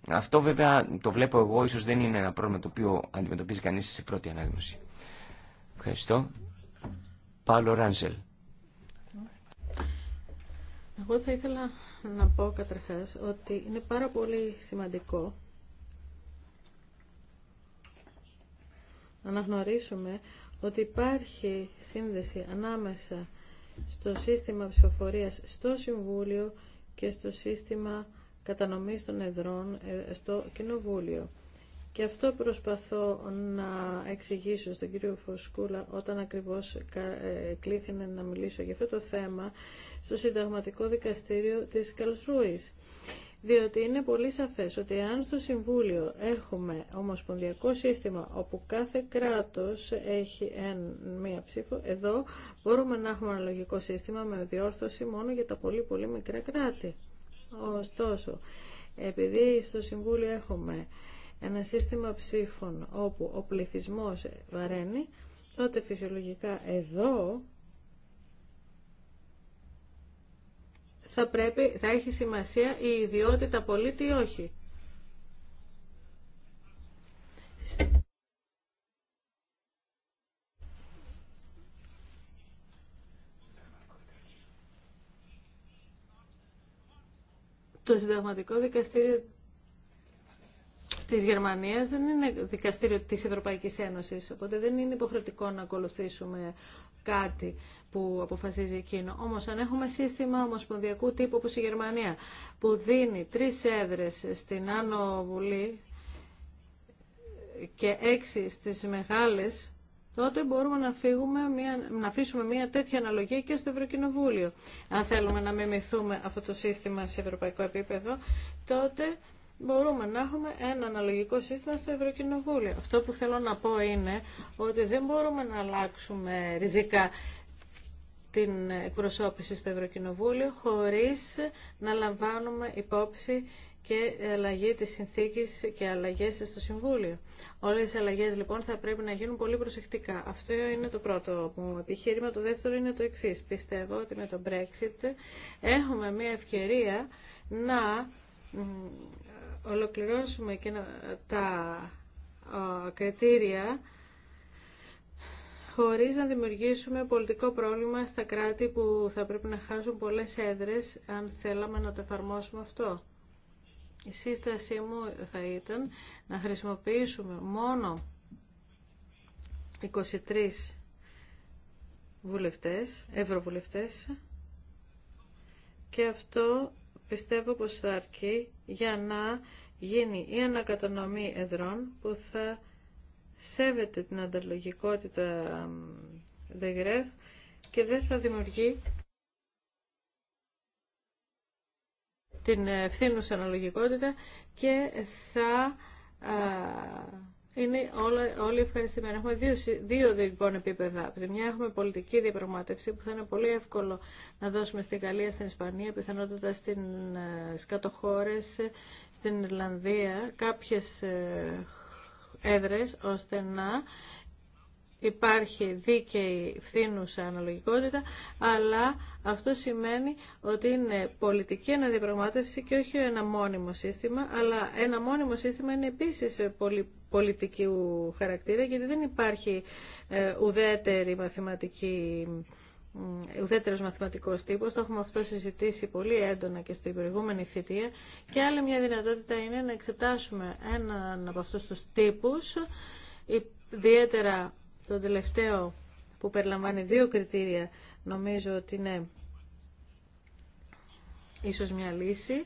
Αυτό βέβαια το βλέπω εγώ, ίσως δεν είναι ένα πρόβλημα το οποίο αντιμετωπίζει κανείς σε πρώτη ανάγνωση. Ευχαριστώ. Πάλο Ράνσελ. Εγώ θα ήθελα να πω καταρχάς ότι είναι πάρα πολύ σημαντικό να αναγνωρίσουμε ότι υπάρχει σύνδεση ανάμεσα στο σύστημα ψηφοφορίας στο Συμβούλιο και στο σύστημα κατανομής των εδρών ε, στο Κοινοβούλιο. Και αυτό προσπαθώ να εξηγήσω στον κύριο Φωσκούλα όταν ακριβώς ε, κλήθηνε να μιλήσω για αυτό το θέμα στο Συνταγματικό Δικαστήριο της Καλσρούης. Διότι είναι πολύ σαφές ότι αν στο Συμβούλιο έχουμε ομοσπονδιακό σύστημα όπου κάθε κράτος έχει μία ψήφο, εδώ μπορούμε να έχουμε αναλογικό σύστημα με διόρθωση μόνο για τα πολύ πολύ μικρά κράτη. Ωστόσο, επειδή στο Συμβούλιο έχουμε ένα σύστημα ψήφων όπου ο πληθυσμός βαραίνει, τότε φυσιολογικά εδώ θα, πρέπει, θα έχει σημασία η ιδιότητα πολίτη ή όχι. Το συνταγματικό δικαστήριο Τη Γερμανία δεν είναι δικαστήριο της Ευρωπαϊκής Ένωσης, οπότε δεν είναι υποχρεωτικό να ακολουθήσουμε κάτι που αποφασίζει εκείνο. Όμω αν έχουμε σύστημα ομοσπονδιακού τύπου όπω η Γερμανία που δίνει τρεις έδρε στην Άνω Βουλή και έξι στις μεγάλες τότε μπορούμε να, να αφήσουμε μια τέτοια αναλογία και στο Ευρωκοινοβούλιο. Αν θέλουμε να μιμηθούμε αυτό το σύστημα σε ευρωπαϊκό επίπεδο, τότε μπορούμε να έχουμε ένα αναλογικό σύστημα στο Ευρωκοινοβούλιο. Αυτό που θέλω να πω είναι ότι δεν μπορούμε να αλλάξουμε ριζικά την εκπροσώπηση στο Ευρωκοινοβούλιο χωρίς να λαμβάνουμε υπόψη και αλλαγή της συνθήκης και αλλαγές στο Συμβούλιο. Όλες οι αλλαγές λοιπόν θα πρέπει να γίνουν πολύ προσεκτικά. Αυτό είναι το πρώτο μου επιχείρημα. Το δεύτερο είναι το εξής. Πιστεύω ότι με το Brexit έχουμε μια ευκαιρία να ολοκληρώσουμε και τα κριτήρια χωρίς να δημιουργήσουμε πολιτικό πρόβλημα στα κράτη που θα πρέπει να χάσουν πολλές έδρες αν θέλαμε να το εφαρμόσουμε αυτό. Η σύστασή μου θα ήταν να χρησιμοποιήσουμε μόνο 23 βουλευτές, ευρωβουλευτές και αυτό πιστεύω πως θα αρκεί για να γίνει η ανακατανομή εδρών που θα σέβεται την ανταλογικότητα ΔΕΓΡΕΦ και δεν θα δημιουργεί την ευθύνουσα αναλογικότητα και θα είναι όλα, όλοι ευχαριστημένοι. Έχουμε δύο, δύο λοιπόν επίπεδα. Από τη μια έχουμε πολιτική διαπραγμάτευση που θα είναι πολύ εύκολο να δώσουμε στην Γαλλία, στην Ισπανία, πιθανότατα ε, στι κατοχώρε, στην Ιρλανδία, κάποιε ε, έδρε ώστε να υπάρχει δίκαιη φθήνουσα αναλογικότητα, αλλά αυτό σημαίνει ότι είναι πολιτική αναδιαπραγμάτευση και όχι ένα μόνιμο σύστημα, αλλά ένα μόνιμο σύστημα είναι επίσης πολυ, πολιτικού χαρακτήρα, γιατί δεν υπάρχει ε, ουδέτερη μαθηματική ουδέτερο μαθηματικό τύπο. Το έχουμε αυτό συζητήσει πολύ έντονα και στην προηγούμενη θητεία. Και άλλη μια δυνατότητα είναι να εξετάσουμε έναν από αυτού του τύπου, ιδιαίτερα το τελευταίο που περιλαμβάνει δύο κριτήρια νομίζω ότι είναι ίσως μια λύση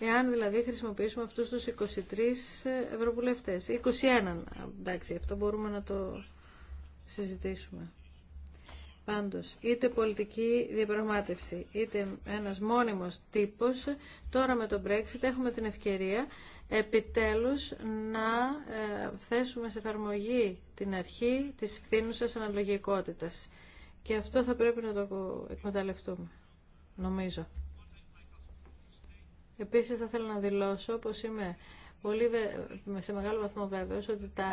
εάν δηλαδή χρησιμοποιήσουμε αυτούς τους 23 ευρωβουλευτές 21 εντάξει αυτό μπορούμε να το συζητήσουμε Πάντως, είτε πολιτική διαπραγμάτευση, είτε ένας μόνιμος τύπος, τώρα με το Brexit έχουμε την ευκαιρία επιτέλους να ε, θέσουμε σε εφαρμογή την αρχή της φθήνουσας αναλογικότητας. Και αυτό θα πρέπει να το εκμεταλλευτούμε, νομίζω. Επίσης θα θέλω να δηλώσω πως είμαι πολύ σε μεγάλο βαθμό βέβαιος ότι τα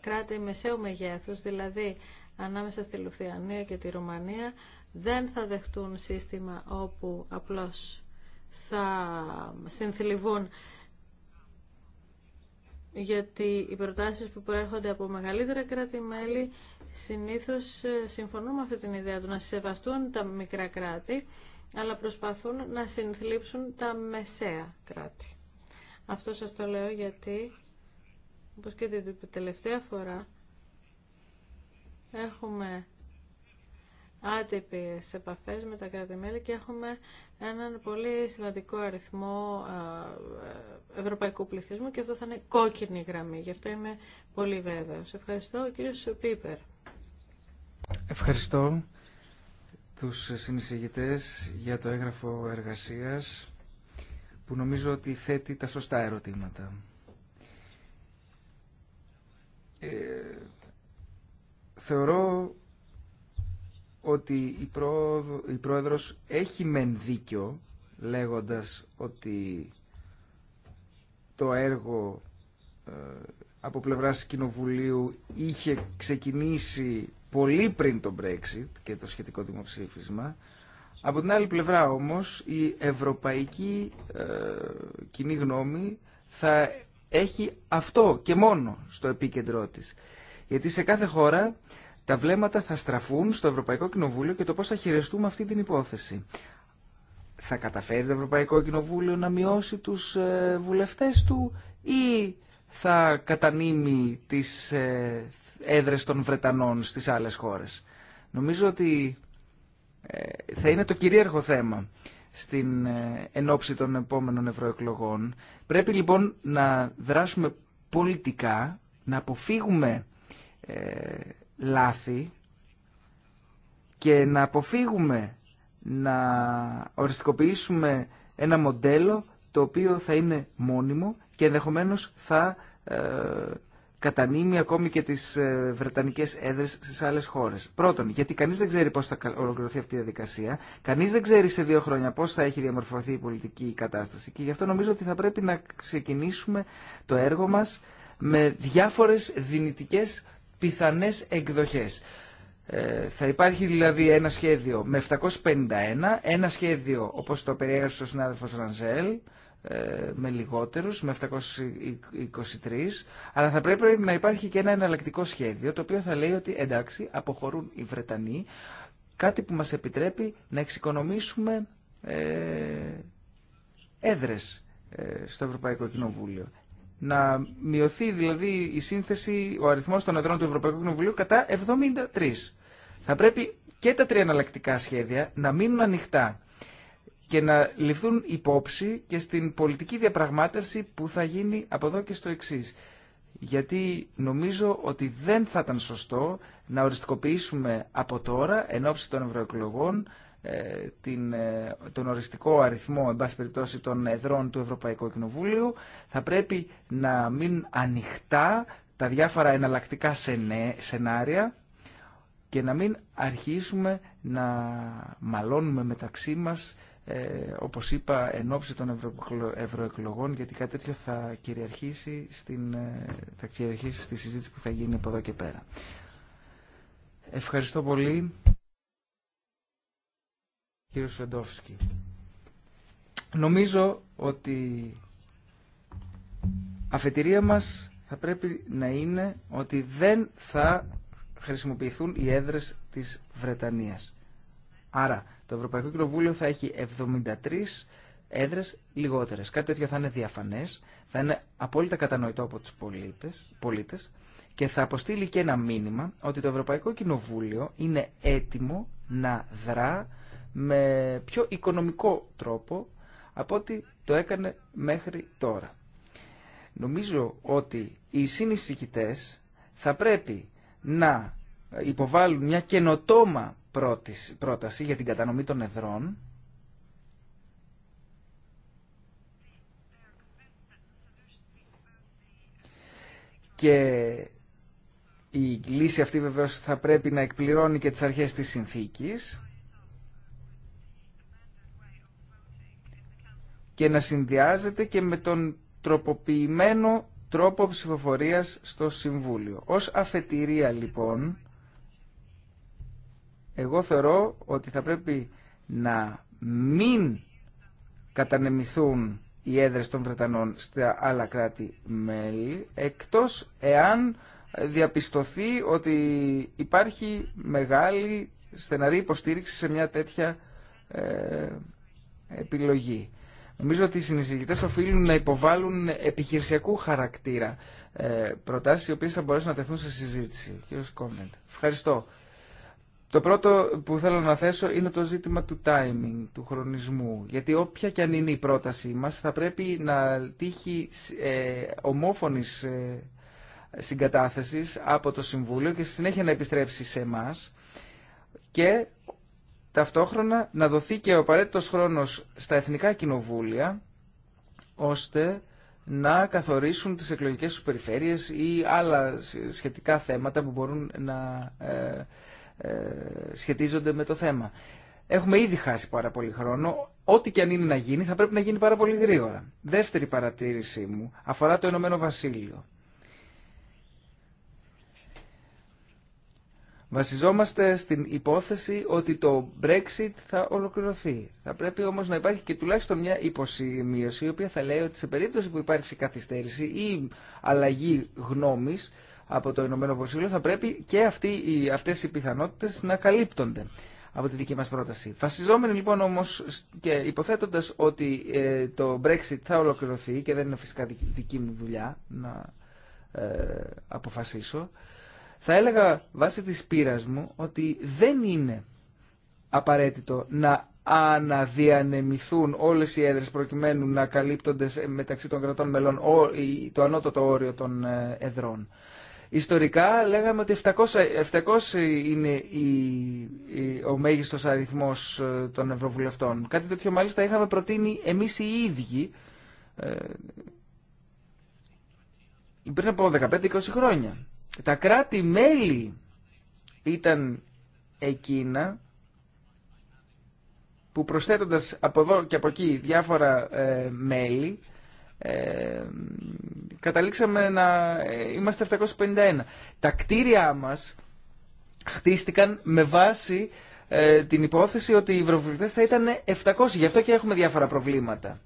κράτη μεσαίου μεγέθους, δηλαδή ανάμεσα στη Λουθιανία και τη Ρουμανία δεν θα δεχτούν σύστημα όπου απλώς θα συνθλιβούν γιατί οι προτάσεις που προέρχονται από μεγαλύτερα κράτη-μέλη συνήθως ε, συμφωνούν με αυτή την ιδέα του να σεβαστούν τα μικρά κράτη αλλά προσπαθούν να συνθλίψουν τα μεσαία κράτη. Αυτό σας το λέω γιατί όπως και την τελευταία φορά έχουμε άτυπες επαφές με τα κράτη-μέλη και έχουμε έναν πολύ σημαντικό αριθμό ε, ευρωπαϊκού πληθυσμού και αυτό θα είναι κόκκινη γραμμή. Γι' αυτό είμαι πολύ βέβαιος. Ευχαριστώ, κύριος Πίπερ. Ευχαριστώ τους συνεισηγητές για το έγγραφο εργασίας που νομίζω ότι θέτει τα σωστά ερωτήματα. Ε, Θεωρώ ότι η, πρόεδρο πρόεδρος έχει μεν δίκιο λέγοντας ότι το έργο ε, από πλευράς Κοινοβουλίου είχε ξεκινήσει πολύ πριν το Brexit και το σχετικό δημοψήφισμα. Από την άλλη πλευρά όμως η ευρωπαϊκή ε, κοινή γνώμη θα έχει αυτό και μόνο στο επίκεντρό της. Γιατί σε κάθε χώρα τα βλέμματα θα στραφούν στο Ευρωπαϊκό Κοινοβούλιο και το πώς θα χειριστούμε αυτή την υπόθεση. Θα καταφέρει το Ευρωπαϊκό Κοινοβούλιο να μειώσει τους ε, βουλευτές του ή θα κατανείμει τις ε, έδρες των Βρετανών στις άλλες χώρες. Νομίζω ότι ε, θα είναι το κυρίαρχο θέμα στην ενόψη των επόμενων ευρωεκλογών. Πρέπει λοιπόν να δράσουμε πολιτικά, να αποφύγουμε ε, λάθη και να αποφύγουμε να οριστικοποιήσουμε ένα μοντέλο το οποίο θα είναι μόνιμο και ενδεχομένως θα ε, κατανείμει ακόμη και τις ε, Βρετανικές έδρες στις άλλες χώρες. Πρώτον, γιατί κανείς δεν ξέρει πώς θα ολοκληρωθεί αυτή η διαδικασία, κανείς δεν ξέρει σε δύο χρόνια πώς θα έχει διαμορφωθεί η πολιτική κατάσταση και γι' αυτό νομίζω ότι θα πρέπει να ξεκινήσουμε το έργο μας με διάφορες δυνητικές πιθανές εκδοχές. Ε, θα υπάρχει δηλαδή ένα σχέδιο με 751, ένα σχέδιο όπως το περιέγραψε ο συνάδελφος Ρανζέλ, ε, με λιγότερους, με 723, αλλά θα πρέπει να υπάρχει και ένα εναλλακτικό σχέδιο, το οποίο θα λέει ότι εντάξει, αποχωρούν οι Βρετανοί, κάτι που μας επιτρέπει να εξοικονομήσουμε ε, έδρες ε, στο Ευρωπαϊκό Κοινοβούλιο να μειωθεί δηλαδή η σύνθεση, ο αριθμός των εδρών του Ευρωπαϊκού Κοινοβουλίου κατά 73. Θα πρέπει και τα τρία εναλλακτικά σχέδια να μείνουν ανοιχτά και να ληφθούν υπόψη και στην πολιτική διαπραγμάτευση που θα γίνει από εδώ και στο εξή. Γιατί νομίζω ότι δεν θα ήταν σωστό να οριστικοποιήσουμε από τώρα, εν ώψη των ευρωεκλογών, ε, την, ε, τον οριστικό αριθμό, εν πάση περιπτώσει, των εδρών του Ευρωπαϊκού Κοινοβούλου, θα πρέπει να μην ανοιχτά τα διάφορα εναλλακτικά σενάρια και να μην αρχίσουμε να μαλώνουμε μεταξύ μας ε, όπως είπα, εν ώψη των ευρωεκλογών, γιατί κάτι τέτοιο θα κυριαρχήσει, στην, ε, θα κυριαρχήσει στη συζήτηση που θα γίνει από εδώ και πέρα. Ευχαριστώ πολύ κύριο Σοντόφσκι. Νομίζω ότι αφετηρία μας θα πρέπει να είναι ότι δεν θα χρησιμοποιηθούν οι έδρες της Βρετανίας. Άρα το Ευρωπαϊκό Κοινοβούλιο θα έχει 73 έδρες λιγότερες. Κάτι τέτοιο θα είναι διαφανές, θα είναι απόλυτα κατανοητό από τους πολίτες, και θα αποστείλει και ένα μήνυμα ότι το Ευρωπαϊκό Κοινοβούλιο είναι έτοιμο να δρά με πιο οικονομικό τρόπο από ό,τι το έκανε μέχρι τώρα. Νομίζω ότι οι συνεισηγητές θα πρέπει να υποβάλουν μια καινοτόμα πρόταση για την κατανομή των εδρών και η λύση αυτή βεβαίως θα πρέπει να εκπληρώνει και τις αρχές της συνθήκης και να συνδυάζεται και με τον τροποποιημένο τρόπο ψηφοφορίας στο Συμβούλιο. Ως αφετηρία λοιπόν, εγώ θεωρώ ότι θα πρέπει να μην κατανεμηθούν οι έδρες των Βρετανών στα άλλα κράτη-μέλη, εκτός εάν διαπιστωθεί ότι υπάρχει μεγάλη στεναρή υποστήριξη σε μια τέτοια ε, επιλογή. Νομίζω ότι οι συνεισηγητές οφείλουν να υποβάλουν επιχειρησιακού χαρακτήρα ε, προτάσεις οι οποίες θα μπορέσουν να τεθούν σε συζήτηση. Κύριος Κόμμεντ, ευχαριστώ. Το πρώτο που θέλω να θέσω είναι το ζήτημα του timing, του χρονισμού. Γιατί όποια και αν είναι η πρότασή μας θα πρέπει να τύχει ε, ομόφωνης ε, από το Συμβούλιο και στη συνέχεια να επιστρέψει σε εμά και ταυτόχρονα να δοθεί και ο απαραίτητο χρόνος στα εθνικά κοινοβούλια ώστε να καθορίσουν τις εκλογικές τους περιφέρειες ή άλλα σχετικά θέματα που μπορούν να ε, ε, σχετίζονται με το θέμα. Έχουμε ήδη χάσει πάρα πολύ χρόνο. Ό,τι και αν είναι να γίνει θα πρέπει να γίνει πάρα πολύ γρήγορα. Δεύτερη παρατήρησή μου αφορά το Ηνωμένο Βασίλειο. Βασιζόμαστε στην υπόθεση ότι το Brexit θα ολοκληρωθεί. Θα πρέπει όμως να υπάρχει και τουλάχιστον μια υποσημείωση η οποία θα λέει ότι σε περίπτωση που υπάρξει καθυστέρηση ή αλλαγή γνώμης από το Ηνωμένο θα πρέπει και αυτοί, αυτές οι πιθανότητες να καλύπτονται από τη δική μας πρόταση. Βασιζόμενοι λοιπόν όμως και υποθέτοντας ότι ε, το Brexit θα ολοκληρωθεί και δεν είναι φυσικά δική μου δουλειά να ε, αποφασίσω θα έλεγα βάσει της πείρας μου ότι δεν είναι απαραίτητο να αναδιανεμηθούν όλες οι έδρες προκειμένου να καλύπτονται μεταξύ των κρατών μελών το ανώτατο όριο των ε, εδρών. Ιστορικά λέγαμε ότι 700, είναι η, ο μέγιστος αριθμός ε, των ευρωβουλευτών. Κάτι τέτοιο μάλιστα είχαμε προτείνει εμείς οι ίδιοι ε, πριν από 15-20 χρόνια. Τα κράτη-μέλη ήταν εκείνα που προσθέτοντας από εδώ και από εκεί διάφορα ε, μέλη ε, καταλήξαμε να ε, είμαστε 751. Τα κτίρια μας χτίστηκαν με βάση ε, την υπόθεση ότι οι ευρωβουλευτές θα ήταν 700. Γι' αυτό και έχουμε διάφορα προβλήματα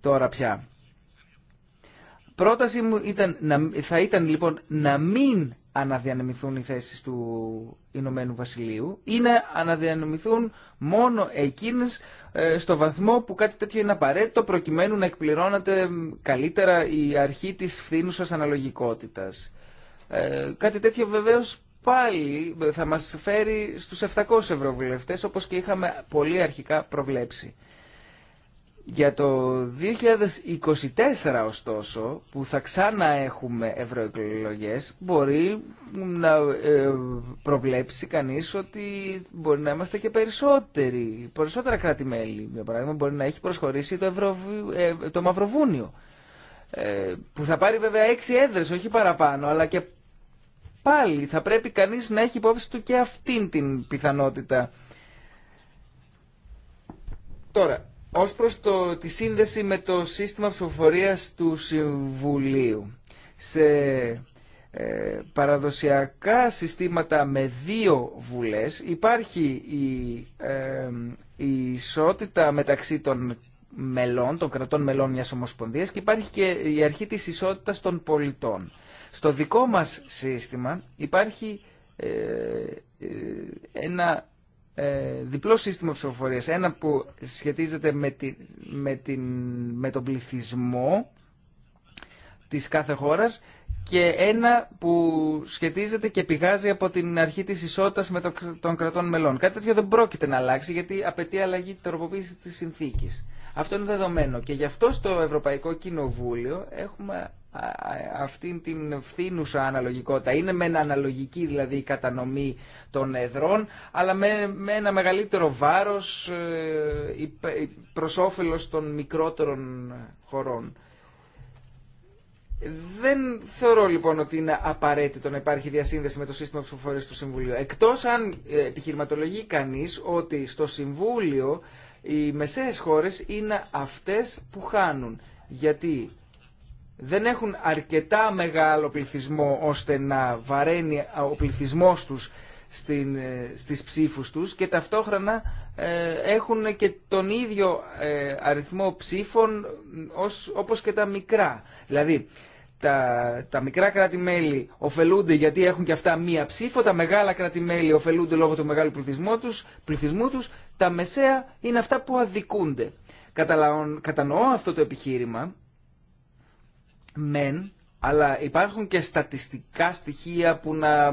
τώρα πια. Πρόταση μου θα ήταν λοιπόν να μην αναδιανεμηθούν οι θέσεις του Ηνωμένου Βασιλείου ή να αναδιανεμηθούν μόνο εκείνες ε, στο βαθμό που κάτι τέτοιο είναι απαραίτητο προκειμένου να εκπληρώνεται καλύτερα η αρχή της φθήνουσας αναλογικότητας. Ε, κάτι τέτοιο βεβαίως πάλι θα μας φέρει στους 700 ευρωβουλευτές όπως και είχαμε πολύ αρχικά προβλέψει. Για το 2024 ωστόσο, που θα ξανά έχουμε ευρωεκλογέ, μπορεί να ε, προβλέψει κανείς ότι μπορεί να είμαστε και περισσότεροι, περισσότερα κράτη-μέλη. Για παράδειγμα, μπορεί να έχει προσχωρήσει το, ευρω, ε, το Μαυροβούνιο, ε, που θα πάρει βέβαια έξι έδρες, όχι παραπάνω, αλλά και πάλι θα πρέπει κανείς να έχει υπόψη του και αυτήν την πιθανότητα. Τώρα, Ω προ τη σύνδεση με το σύστημα ψηφοφορία του Συμβουλίου. Σε ε, παραδοσιακά συστήματα με δύο βουλές υπάρχει ε, η, ισότητα μεταξύ των μελών, των κρατών μελών μιας ομοσπονδίας και υπάρχει και η αρχή της ισότητας των πολιτών. Στο δικό μας σύστημα υπάρχει ε, ένα ε, διπλό σύστημα ψηφοφορίας. Ένα που σχετίζεται με, τη, με, τον πληθυσμό της κάθε χώρας και ένα που σχετίζεται και πηγάζει από την αρχή της ισότητας με των κρατών μελών. Κάτι τέτοιο δεν πρόκειται να αλλάξει γιατί απαιτεί αλλαγή τροποποίηση της συνθήκης. Αυτό είναι δεδομένο και γι' αυτό στο Ευρωπαϊκό Κοινοβούλιο έχουμε αυτήν την φθήνουσα αναλογικότητα. Είναι με ένα αναλογική δηλαδή η κατανομή των εδρών, αλλά με, ένα μεγαλύτερο βάρος ε, προς όφελος των μικρότερων χωρών. Δεν θεωρώ λοιπόν ότι είναι απαραίτητο να υπάρχει διασύνδεση με το σύστημα ψηφοφορίας του Συμβουλίου. Εκτός αν ε, επιχειρηματολογεί κανείς ότι στο Συμβούλιο οι μεσαίες χώρες είναι αυτές που χάνουν. Γιατί δεν έχουν αρκετά μεγάλο πληθυσμό ώστε να βαραίνει ε, ο πληθυσμός τους στην, ε, στις ψήφους τους και ταυτόχρονα ε, έχουν και τον ίδιο αριθμό ψήφων ως, όπως και τα μικρά. Δηλαδή τα, τα μικρά κράτη-μέλη ωφελούνται γιατί έχουν και αυτά μία ψήφο, τα μεγάλα κράτη-μέλη ωφελούνται λόγω του μεγάλου πληθυσμού τους, πληθυσμού τους, τα μεσαία είναι αυτά που αδικούνται. Καταλαών, κατανοώ αυτό το επιχείρημα μεν, αλλά υπάρχουν και στατιστικά στοιχεία που να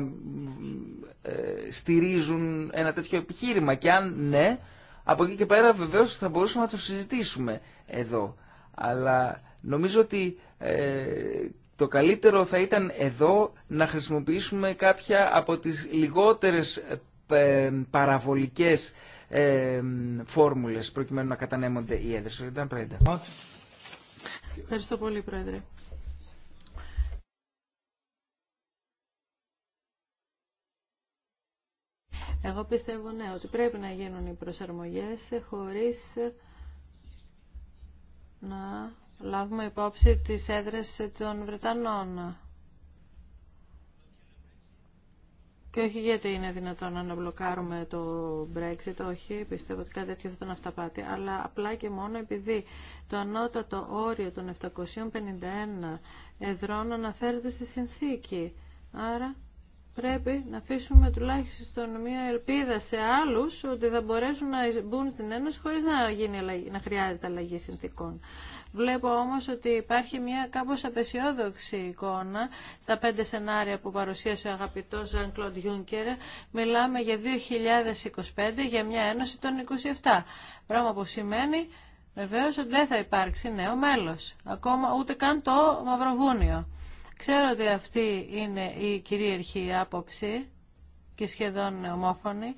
ε, στηρίζουν ένα τέτοιο επιχείρημα και αν ναι, από εκεί και πέρα βεβαίως θα μπορούσαμε να το συζητήσουμε εδώ. Αλλά νομίζω ότι ε, το καλύτερο θα ήταν εδώ να χρησιμοποιήσουμε κάποια από τις λιγότερες ε, παραβολικές ε, φόρμουλες προκειμένου να κατανέμονται οι έδρες. Ευχαριστώ πολύ, Πρόεδρε. Εγώ πιστεύω ναι, ότι πρέπει να γίνουν οι προσαρμογές χωρίς να λάβουμε υπόψη τις έδρες των Βρετανών. Και όχι γιατί είναι δυνατόν να μπλοκάρουμε το Brexit, όχι, πιστεύω ότι κάτι τέτοιο θα ήταν αυταπάτη, αλλά απλά και μόνο επειδή το ανώτατο όριο των 751 εδρών αναφέρεται στη συνθήκη. Άρα πρέπει να αφήσουμε τουλάχιστον μια ελπίδα σε άλλους ότι θα μπορέσουν να μπουν στην Ένωση χωρίς να, να χρειάζεται αλλαγή συνθήκων. Βλέπω όμως ότι υπάρχει μια κάπως απεσιόδοξη εικόνα στα πέντε σενάρια που παρουσίασε ο αγαπητός Ζαν Κλοντ Γιούνκερ. Μιλάμε για 2025 για μια Ένωση των 27. Πράγμα που σημαίνει βεβαίως ότι δεν θα υπάρξει νέο μέλος. Ακόμα ούτε καν το Μαυροβούνιο. Ξέρω ότι αυτή είναι η κυρίαρχη άποψη και σχεδόν ομόφωνη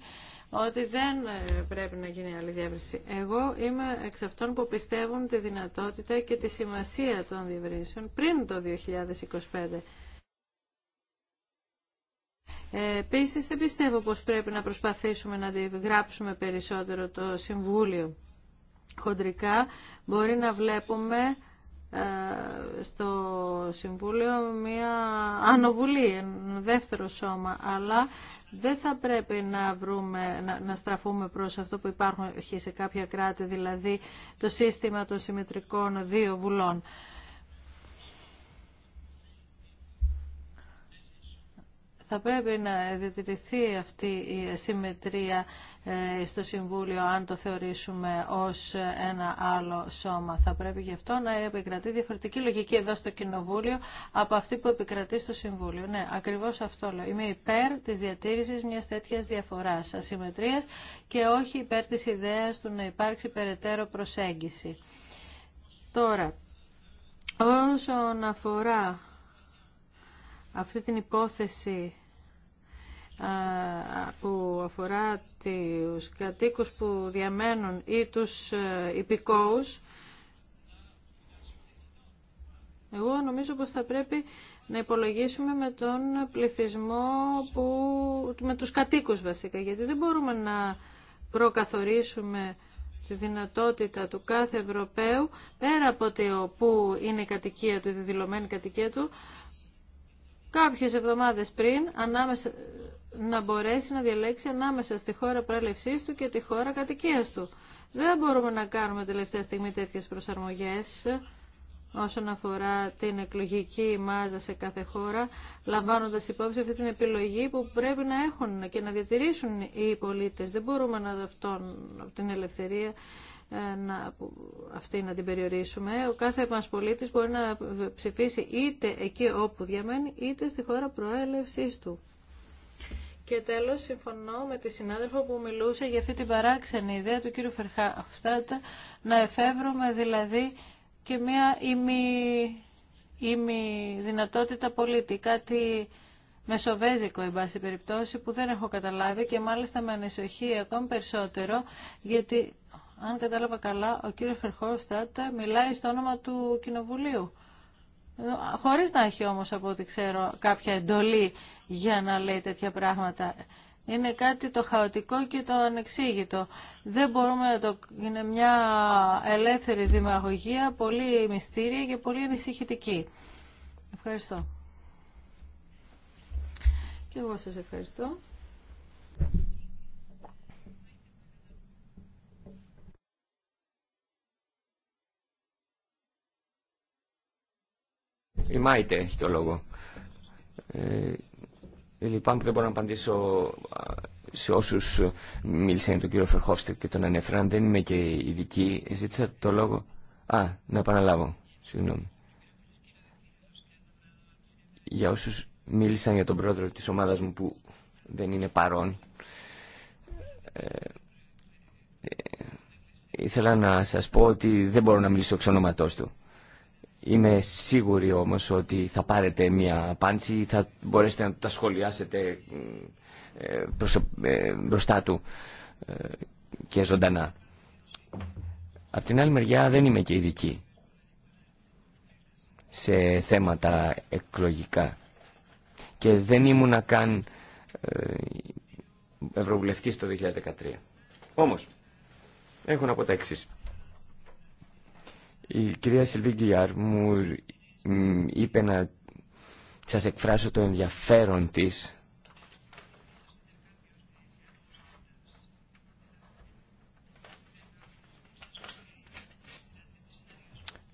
ότι δεν ε, πρέπει να γίνει άλλη διεύρυνση. Εγώ είμαι εξ αυτών που πιστεύουν τη δυνατότητα και τη σημασία των διευρύνσεων πριν το 2025. Ε, Επίση, δεν πιστεύω πως πρέπει να προσπαθήσουμε να αντιγράψουμε περισσότερο το Συμβούλιο. Χοντρικά μπορεί να βλέπουμε ε, στο Συμβούλιο μια ανοβουλή, δεύτερο σώμα, αλλά δεν θα πρέπει να, βρούμε, να, να στραφούμε προς αυτό που υπάρχει σε κάποια κράτη, δηλαδή το σύστημα των συμμετρικών δύο βουλών. Θα πρέπει να διατηρηθεί αυτή η συμμετρία ε, στο Συμβούλιο αν το θεωρήσουμε ως ένα άλλο σώμα. Θα πρέπει γι' αυτό να επικρατεί διαφορετική λογική εδώ στο Κοινοβούλιο από αυτή που επικρατεί στο Συμβούλιο. Ναι, ακριβώς αυτό λέω. Είμαι υπέρ της διατήρησης μιας τέτοιας διαφοράς ασυμμετρίας και όχι υπέρ της ιδέας του να υπάρξει περαιτέρω προσέγγιση. Τώρα, όσον αφορά αυτή την υπόθεση που αφορά τους κατοίκους που διαμένουν ή τους ε, υπηκόους. Εγώ νομίζω πως θα πρέπει να υπολογίσουμε με τον πληθυσμό, που, με τους κατοίκους βασικά, γιατί δεν μπορούμε να προκαθορίσουμε τη δυνατότητα του κάθε Ευρωπαίου, πέρα από το που είναι η κατοικία του, η δηλωμένη κατοικία του, κάποιες εβδομάδες πριν, ανάμεσα να μπορέσει να διαλέξει ανάμεσα στη χώρα προέλευσής του και τη χώρα κατοικία του. Δεν μπορούμε να κάνουμε τελευταία στιγμή τέτοιες προσαρμογές όσον αφορά την εκλογική μάζα σε κάθε χώρα, λαμβάνοντας υπόψη αυτή την επιλογή που πρέπει να έχουν και να διατηρήσουν οι πολίτες. Δεν μπορούμε να αυτόν, την ελευθερία ε, να, αυτή να την περιορίσουμε. Ο κάθε μας πολίτης μπορεί να ψηφίσει είτε εκεί όπου διαμένει, είτε στη χώρα προέλευσής του. Και τέλος, συμφωνώ με τη συνάδελφο που μιλούσε για αυτή την παράξενη ιδέα του κύριου Φερχάφστατ να εφεύρουμε δηλαδή και μια ημι, ημι δυνατότητα πολίτη, κάτι μεσοβέζικο, εν πάση περιπτώσει, που δεν έχω καταλάβει και μάλιστα με ανησυχεί ακόμη περισσότερο, γιατί, αν κατάλαβα καλά, ο κύριος Φερχόφστατ μιλάει στο όνομα του Κοινοβουλίου χωρίς να έχει όμως από ό,τι ξέρω κάποια εντολή για να λέει τέτοια πράγματα. Είναι κάτι το χαοτικό και το ανεξήγητο. Δεν μπορούμε να το... Είναι μια ελεύθερη δημαγωγία, πολύ μυστήρια και πολύ ανησυχητική. Ευχαριστώ. Και εγώ σας ευχαριστώ. Η Μάιτε έχει το λόγο. Ε, λυπάμαι που δεν μπορώ να απαντήσω σε όσους μίλησαν για τον κύριο Φερχόφστερ και τον ανέφεραν. Δεν είμαι και ειδική. Ζήτησα το λόγο. Α, να επαναλάβω. Συγγνώμη. Για όσου μίλησαν για τον πρόεδρο της ομάδα μου που δεν είναι παρόν, ε, ε, ήθελα να σας πω ότι δεν μπορώ να μιλήσω εξ ονόματός του. Είμαι σίγουρη όμως ότι θα πάρετε μια απάντηση, ή θα μπορέσετε να τα σχολιάσετε ε, ε, μπροστά του ε, και ζωντανά. Απ' την άλλη μεριά δεν είμαι και ειδική σε θέματα εκλογικά και δεν ήμουνα καν ευρωβουλευτής το 2013. Όμως, έχω να πω τα εξής. Η κυρία Σιλβί Γκυλιάρ μου είπε να σας εκφράσω το ενδιαφέρον της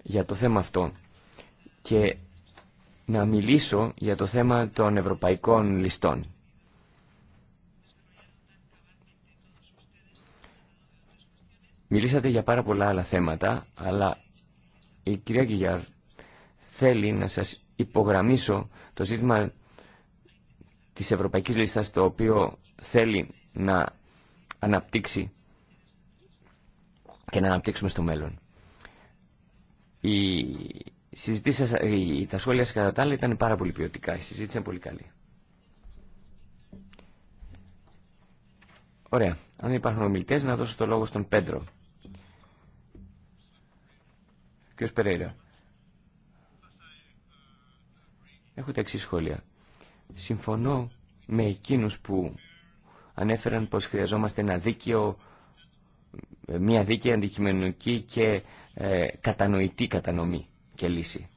για το θέμα αυτό και να μιλήσω για το θέμα των ευρωπαϊκών ληστών. Μιλήσατε για πάρα πολλά άλλα θέματα, αλλά η κυρία Γκυγιάρ θέλει να σας υπογραμμίσω το ζήτημα της Ευρωπαϊκής Λίστας το οποίο θέλει να αναπτύξει και να αναπτύξουμε στο μέλλον. συζήτηση τα σχόλια σας κατά τα άλλα ήταν πάρα πολύ ποιοτικά, η συζήτηση πολύ καλή. Ωραία, αν υπάρχουν ομιλητές να δώσω το λόγο στον Πέντρο. Κύριος Περέιρα. Έχω τα εξή σχόλια. Συμφωνώ με εκείνους που ανέφεραν πως χρειαζόμαστε ένα δίκαιο, μια δίκαιη αντικειμενική και ε, κατανοητή κατανομή και λύση.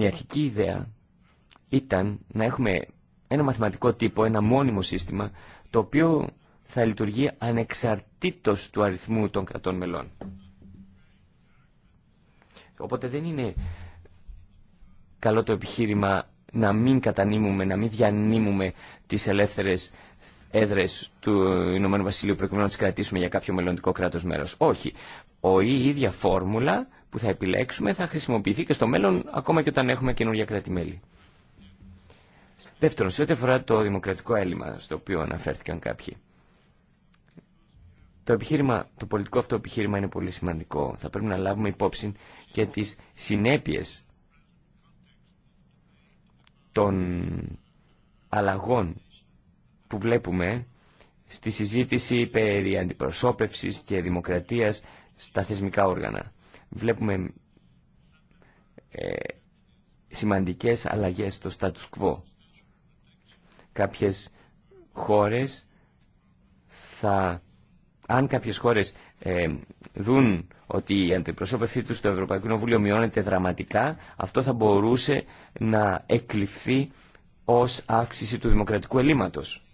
Η αρχική ιδέα ήταν να έχουμε ένα μαθηματικό τύπο, ένα μόνιμο σύστημα, το οποίο θα λειτουργεί ανεξαρτήτως του αριθμού των κρατών μελών. Οπότε δεν είναι καλό το επιχείρημα να μην κατανείμουμε, να μην διανύμουμε τις ελεύθερες έδρες του Ηνωμένου Βασιλείου προκειμένου να τις κρατήσουμε για κάποιο μελλοντικό κράτος μέρος. Όχι. Ο, η ίδια φόρμουλα που θα επιλέξουμε θα χρησιμοποιηθεί και στο μέλλον ακόμα και όταν έχουμε καινούργια κράτη-μέλη. Δεύτερον, σε ό,τι αφορά το δημοκρατικό έλλειμμα στο οποίο αναφέρθηκαν κάποιοι. Το, επιχείρημα, το πολιτικό αυτό επιχείρημα είναι πολύ σημαντικό. Θα πρέπει να λάβουμε υπόψη και τις συνέπειες των αλλαγών που βλέπουμε στη συζήτηση περί αντιπροσώπευσης και δημοκρατίας στα θεσμικά όργανα. Βλέπουμε ε, σημαντικές αλλαγές στο status quo. Κάποιες χώρες θα αν κάποιες χώρες ε, δουν ότι η αντιπροσώπευσή τους στο Ευρωπαϊκό Κοινοβούλιο μειώνεται δραματικά, αυτό θα μπορούσε να εκλειφθεί ως αύξηση του δημοκρατικού ελλείμματος.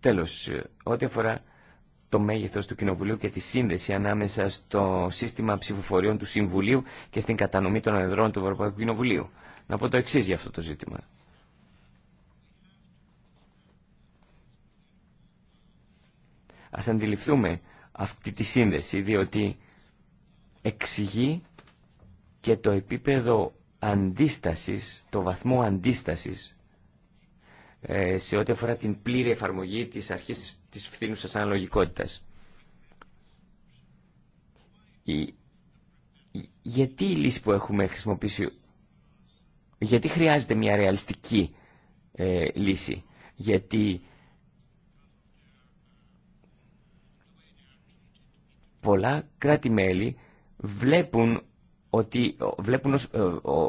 Τέλος, ό,τι αφορά το μέγεθος του Κοινοβουλίου και τη σύνδεση ανάμεσα στο σύστημα ψηφοφοριών του Συμβουλίου και στην κατανομή των εδρών του Ευρωπαϊκού Κοινοβουλίου. Να πω το εξή για αυτό το ζήτημα. Ας αντιληφθούμε αυτή τη σύνδεση, διότι εξηγεί και το επίπεδο αντίστασης, το βαθμό αντίστασης ε, σε ό,τι αφορά την πλήρη εφαρμογή της αρχής της φθήνουσας αναλογικότητας. Γιατί η λύση που έχουμε χρησιμοποιήσει, γιατί χρειάζεται μια ρεαλιστική ε, λύση, γιατί πολλά κράτη-μέλη βλέπουν ότι βλέπουν, ε,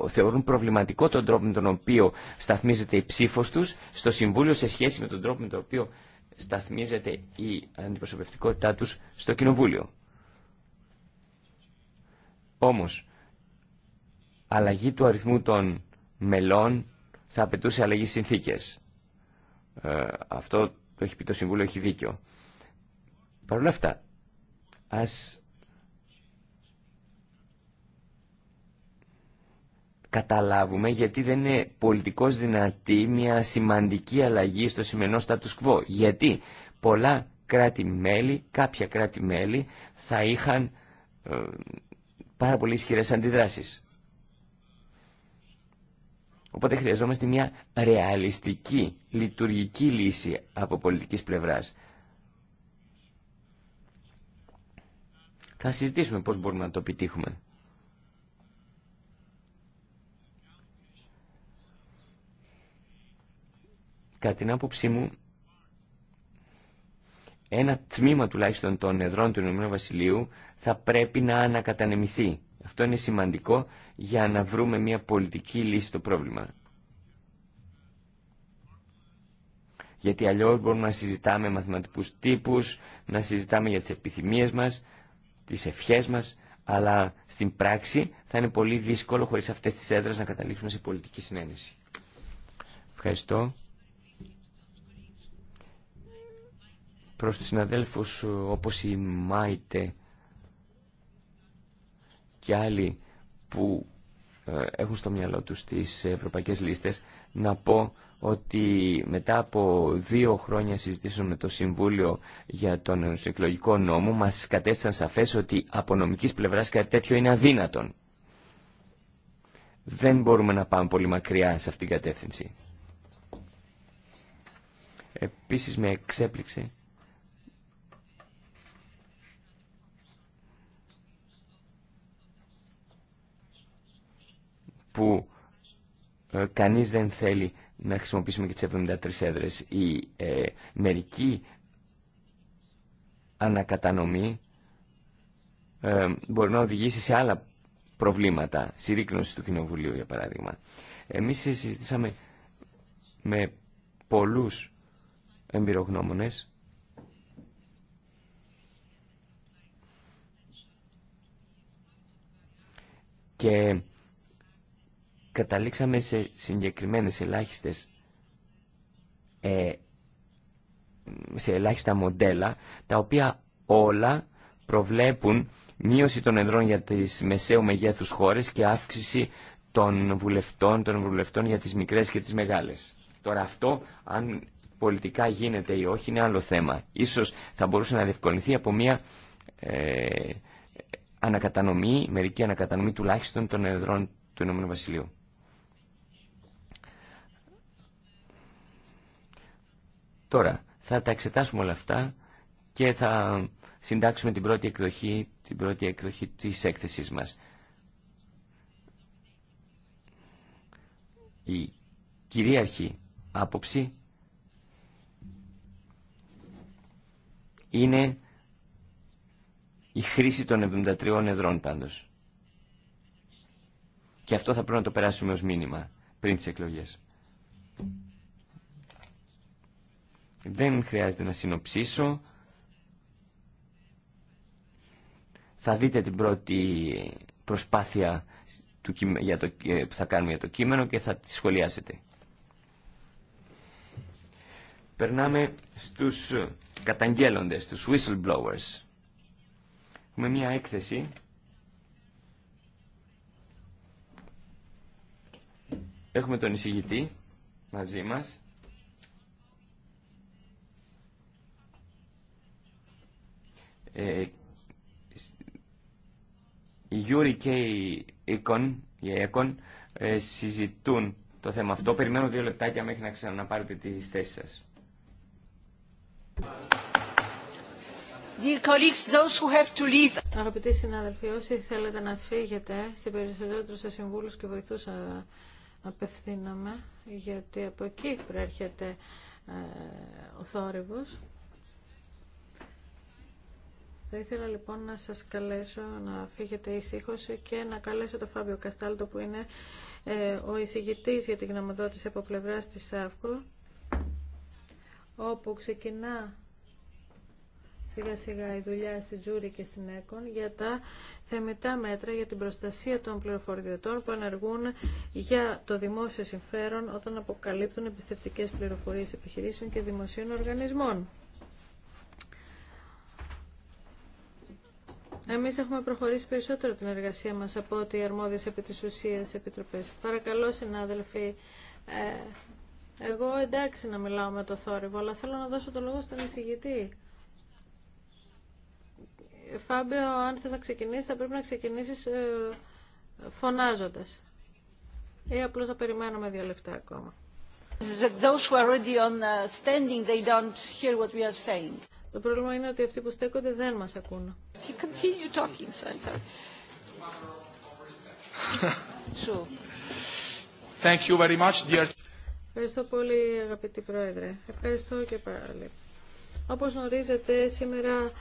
θεωρούν προβληματικό τον τρόπο με τον οποίο σταθμίζεται η ψήφος τους στο Συμβούλιο σε σχέση με τον τρόπο με τον οποίο σταθμίζεται η αντιπροσωπευτικότητά τους στο Κοινοβούλιο. Όμως, αλλαγή του αριθμού των μελών θα απαιτούσε αλλαγή συνθήκες. Ε, αυτό το έχει πει το Συμβούλιο, έχει δίκιο. Παρ' όλα αυτά, Ας καταλάβουμε γιατί δεν είναι πολιτικός δυνατή μια σημαντική αλλαγή στο σημερινό status quo. Γιατί πολλά κράτη-μέλη, κάποια κράτη-μέλη θα είχαν ε, πάρα πολύ ισχυρές αντιδράσεις. Οπότε χρειαζόμαστε μια ρεαλιστική, λειτουργική λύση από πολιτικής πλευράς. Θα συζητήσουμε πώς μπορούμε να το επιτύχουμε. Κατά την άποψή μου, ένα τμήμα τουλάχιστον των εδρών του Ηνωμένου Βασιλείου θα πρέπει να ανακατανεμηθεί. Αυτό είναι σημαντικό για να βρούμε μια πολιτική λύση στο πρόβλημα. Γιατί αλλιώς μπορούμε να συζητάμε μαθηματικούς τύπους, να συζητάμε για τις επιθυμίες μας, τις ευχές μας, αλλά στην πράξη θα είναι πολύ δύσκολο χωρίς αυτές τις έδρες να καταλήξουμε σε πολιτική συνένεση. Ευχαριστώ. Προς τους συναδέλφους όπως η Μάιτε και άλλοι που ε, έχουν στο μυαλό τους τις ευρωπαϊκές λίστες, να πω ότι μετά από δύο χρόνια συζητήσεων με το Συμβούλιο για τον εκλογικό νόμο μας κατέστησαν σαφές ότι από νομικής πλευράς κάτι τέτοιο είναι αδύνατον. Δεν μπορούμε να πάμε πολύ μακριά σε αυτήν την κατεύθυνση. Επίσης με εξέπληξε που ε, κανείς δεν θέλει να χρησιμοποιήσουμε και τις 73 έδρες. Η ε, μερική ανακατανομή ε, μπορεί να οδηγήσει σε άλλα προβλήματα, συρρήκνωση του Κοινοβουλίου για παράδειγμα. Εμείς συζητήσαμε με πολλούς εμπειρογνώμονες και καταλήξαμε σε συγκεκριμένες ελάχιστες ε, σε ελάχιστα μοντέλα τα οποία όλα προβλέπουν μείωση των εδρών για τις μεσαίου μεγέθους χώρες και αύξηση των βουλευτών, των βουλευτών για τις μικρές και τις μεγάλες. Τώρα αυτό, αν πολιτικά γίνεται ή όχι, είναι άλλο θέμα. Ίσως θα μπορούσε να διευκολυνθεί από μια ε, ανακατανομή, μερική ανακατανομή τουλάχιστον των εδρών του Ηνωμένου Τώρα, θα τα εξετάσουμε όλα αυτά και θα συντάξουμε την πρώτη εκδοχή, την πρώτη εκδοχή της έκθεσης μας. Η κυρίαρχη άποψη είναι η χρήση των 73 εδρών πάντως. Και αυτό θα πρέπει να το περάσουμε ως μήνυμα πριν τις εκλογές. Δεν χρειάζεται να συνοψίσω. Θα δείτε την πρώτη προσπάθεια του, για το, ε, που θα κάνουμε για το κείμενο και θα τη σχολιάσετε. Περνάμε στους καταγγέλλοντες, τους whistleblowers. Έχουμε μία έκθεση Έχουμε τον εισηγητή μαζί μας. Ε, οι Γιούρι και οι Εκον, η συζητούν το θέμα αυτό. Περιμένω δύο λεπτάκια μέχρι να ξαναπάρετε τη θέση σας. Αγαπητοί συνάδελφοι, όσοι θέλετε να φύγετε, σε περισσότερους σε συμβούλους και βοηθούς απευθύνομαι, γιατί από εκεί προέρχεται ε, ο θόρυβος. Θα ήθελα λοιπόν να σας καλέσω να φύγετε ησύχως και να καλέσω τον Φάβιο Καστάλτο που είναι ε, ο εισηγητής για την γνωμοδότηση από πλευρά τη ΑΦΚΟ όπου ξεκινά σιγά σιγά η δουλειά στην Τζούρι και στην ΕΚΟΝ για τα θεμητά μέτρα για την προστασία των πληροφοριδιωτών που ενεργούν για το δημόσιο συμφέρον όταν αποκαλύπτουν εμπιστευτικές πληροφορίες επιχειρήσεων και δημοσίων οργανισμών. Εμεί έχουμε προχωρήσει περισσότερο την εργασία μας από ότι οι αρμόδιε επί τη ουσία επιτροπές. Παρακαλώ συνάδελφοι, ε, εγώ εντάξει να μιλάω με το θόρυβο, αλλά θέλω να δώσω το λόγο στον εισηγητή. Φάμπιο, αν θες να ξεκινήσεις, θα πρέπει να ξεκινήσεις ε, φωνάζοντας. Ή απλώς θα περιμένουμε δύο λεπτά ακόμα. Those who are already on uh, standing, they don't hear what we are saying. Το πρόβλημα είναι ότι αυτοί που στέκονται δεν μας ακούν. Ευχαριστώ πολύ αγαπητή Πρόεδρε. Ευχαριστώ και πάλι. Όπως γνωρίζετε σήμερα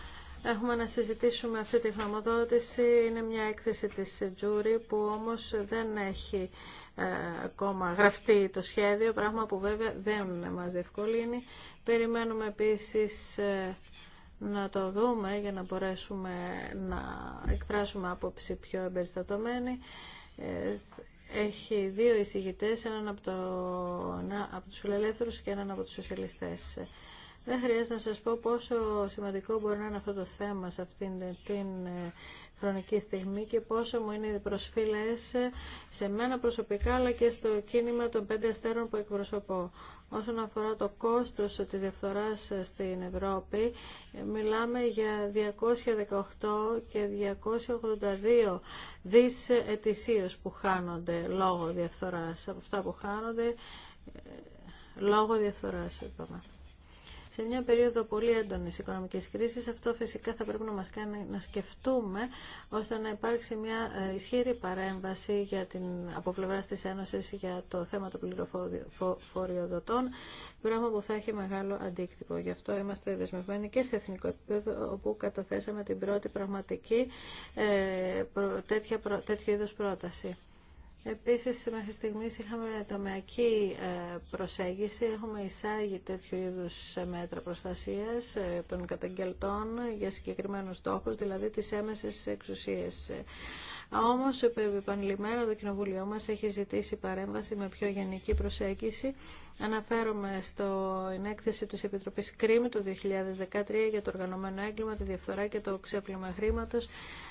έχουμε να συζητήσουμε αυτή τη γνωμοδότηση. Είναι μια έκθεση της Τζούρι που όμως δεν έχει ε, ακόμα γραφτεί το σχέδιο, πράγμα που βέβαια δεν μας διευκολύνει. Περιμένουμε επίσης ε, να το δούμε για να μπορέσουμε να εκφράσουμε άποψη πιο εμπεριστατωμένη. Ε, έχει δύο εισηγητές, έναν από, το, από τους φιλελεύθερους και έναν από τους σοσιαλιστές. Δεν χρειάζεται να σας πω πόσο σημαντικό μπορεί να είναι αυτό το θέμα σε αυτήν την χρονική στιγμή και πόσο μου είναι προσφύλες σε μένα προσωπικά αλλά και στο κίνημα των πέντε αστέρων που εκπροσωπώ. Όσον αφορά το κόστος της διαφθοράς στην Ευρώπη, μιλάμε για 218 και 282 δις ετησίως που χάνονται λόγω διαφθοράς. Από αυτά που χάνονται ε, λόγω διαφθοράς, είπαμε. Σε μια περίοδο πολύ έντονης οικονομικής κρίσης, αυτό φυσικά θα πρέπει να μας κάνει να σκεφτούμε ώστε να υπάρξει μια ε, ισχυρή παρέμβαση για την, από πλευρά της Ένωσης για το θέμα των πληροφοριοδοτών, πράγμα που θα έχει μεγάλο αντίκτυπο. Γι' αυτό είμαστε δεσμευμένοι και σε εθνικό επίπεδο, όπου καταθέσαμε την πρώτη πραγματική ε, τέτοια, είδο πρόταση. Επίσης, μέχρι στιγμής είχαμε τομεακή ε, προσέγγιση. Έχουμε εισάγει τέτοιου είδους μέτρα προστασίας ε, των καταγγελτών για συγκεκριμένους στόχους, δηλαδή τις έμεσες εξουσίες. Όμως, επανειλημμένα το Κοινοβουλίο μας έχει ζητήσει παρέμβαση με πιο γενική προσέγγιση Αναφέρομαι στην έκθεση της Επιτροπής ΚΡΙΜ του 2013 για το οργανωμένο έγκλημα, τη διαφθορά και το ξέπλυμα χρήματος.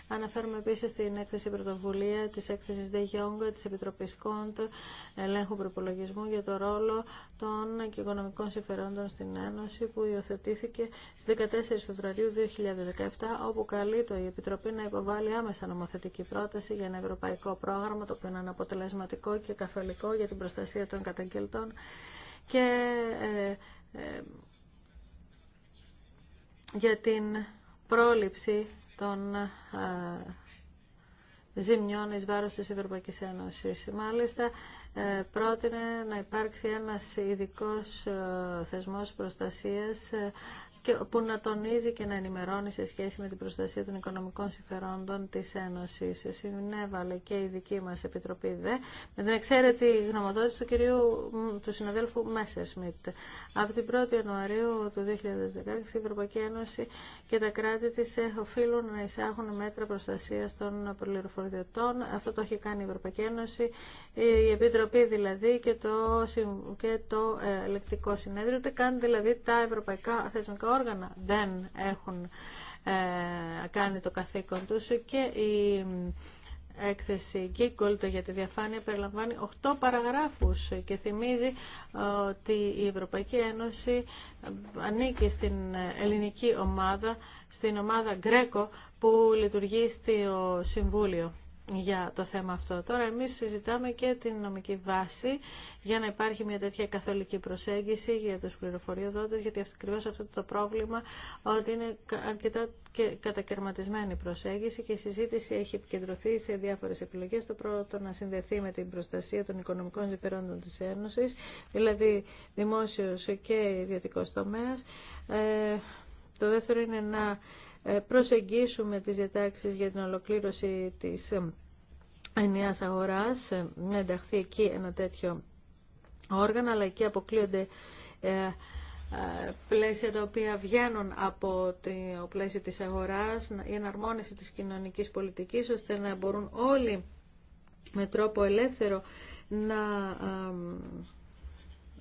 Αναφέρομαι επίσης στην έκθεση πρωτοβουλία της έκθεσης De Jong της Επιτροπής Κόντ ελέγχου προπολογισμού για το ρόλο των και οικονομικών συμφερόντων στην Ένωση που υιοθετήθηκε στις 14 Φεβρουαρίου 2017 όπου καλείται η Επιτροπή να υποβάλει άμεσα νομοθετική πρόταση για ένα ευρωπαϊκό πρόγραμμα το οποίο είναι αποτελεσματικό και καθολικό για την προστασία των καταγγελτών και ε, ε, για την πρόληψη των ε, ζημιών εις βάρος της Ευρωπαϊκής Ένωσης. Μάλιστα, πρότεινε να υπάρξει ένας ειδικός θεσμός προστασίας που να τονίζει και να ενημερώνει σε σχέση με την προστασία των οικονομικών συμφερόντων της Ένωσης. Συνέβαλε και η δική μα Επιτροπή ΔΕ με την εξαίρετη γνωμοδότηση του κυρίου του συναδέλφου Μέσερ Σμιτ. Από την 1η Ιανουαρίου του 2016 η Ευρωπαϊκή Ένωση και τα κράτη τη οφείλουν να εισάγουν μέτρα προστασία των πληροφοριδιωτών. Αυτό το έχει κάνει η Ευρωπαϊκή Ένωση, η Επιτροπή δηλαδή και το, και το ε, ελεκτικό συνέδριο, ούτε καν δηλαδή τα ευρωπαϊκά θεσμικά όργανα δεν έχουν ε, κάνει το καθήκον τους και η ε, έκθεση Γκίγκολτ για τη διαφάνεια περιλαμβάνει 8 παραγράφους και θυμίζει ε, ότι η Ευρωπαϊκή Ένωση ανήκει στην ελληνική ομάδα, στην ομάδα Γκρέκο που λειτουργεί στο Συμβούλιο για το θέμα αυτό. Τώρα εμείς συζητάμε και την νομική βάση για να υπάρχει μια τέτοια καθολική προσέγγιση για τους πληροφοριοδότες, γιατί ακριβώ αυτό το πρόβλημα ότι είναι αρκετά και κατακαιρματισμένη προσέγγιση και η συζήτηση έχει επικεντρωθεί σε διάφορες επιλογές. Το πρώτο να συνδεθεί με την προστασία των οικονομικών συμφερόντων της Ένωσης, δηλαδή δημόσιος και ιδιωτικός τομέας. Ε, το δεύτερο είναι να ε, προσεγγίσουμε τις διατάξεις για την ολοκλήρωση της ε, ενιαίας αγοράς, ε, να ενταχθεί εκεί ένα τέτοιο όργανο, αλλά εκεί αποκλείονται πλαίσια τα οποία βγαίνουν από το πλαίσιο της αγοράς, η εναρμόνιση της κοινωνικής πολιτικής, ώστε να μπορούν όλοι με τρόπο ελεύθερο να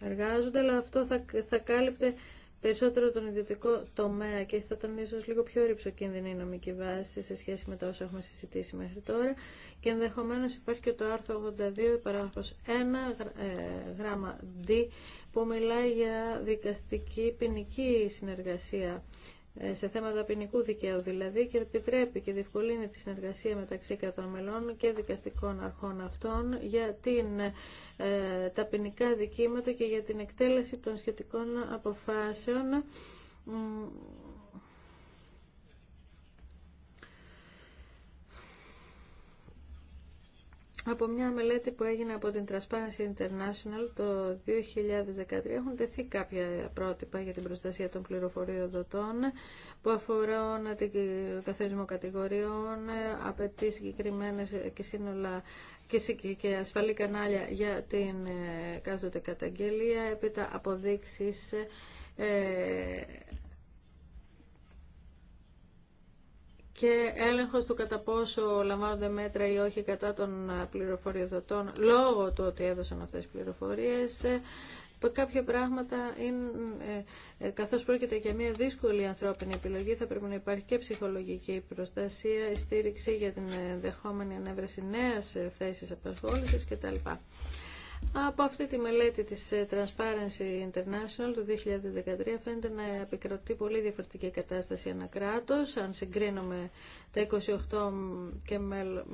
εργάζονται, αλλά αυτό θα, θα κάλυπτε περισσότερο τον ιδιωτικό τομέα και θα ήταν ίσω λίγο πιο ρηψοκίνδυνη η νομική βάση σε σχέση με τα όσα έχουμε συζητήσει μέχρι τώρα. Και ενδεχομένω υπάρχει και το άρθρο 82, παράγραφος 1, ε, γράμμα D, που μιλάει για δικαστική ποινική συνεργασία ε, σε θέματα ποινικού δικαίου δηλαδή και επιτρέπει και διευκολύνει τη συνεργασία μεταξύ κρατών μελών και δικαστικών αρχών αυτών για την, ε, τα ποινικά δικήματα και για την εκτέλεση των σχετικών αποφάσεων από μια μελέτη που έγινε από την Transparency International το 2013 έχουν τεθεί κάποια πρότυπα για την προστασία των πληροφοριοδοτών που αφορούν την καθορισμό κατηγοριών, απαιτεί συγκεκριμένε και σύνολα και ασφαλή κανάλια για την ε, κάζοτε καταγγελία, έπειτα αποδείξεις ε, και έλεγχος του κατά πόσο λαμβάνονται μέτρα ή όχι κατά των ε, πληροφοριοδοτών λόγω του ότι έδωσαν αυτές τις πληροφορίες ε, κάποια πράγματα είναι, ε, καθώς πρόκειται για μια δύσκολη ανθρώπινη επιλογή θα πρέπει να υπάρχει και ψυχολογική προστασία, η στήριξη για την δεχόμενη ανέβρεση νέας θέσης απασχόλησης κτλ. Από αυτή τη μελέτη της ε, Transparency International του 2013 φαίνεται να επικρατεί πολύ διαφορετική κατάσταση ένα κράτος. Αν συγκρίνουμε τα 28 και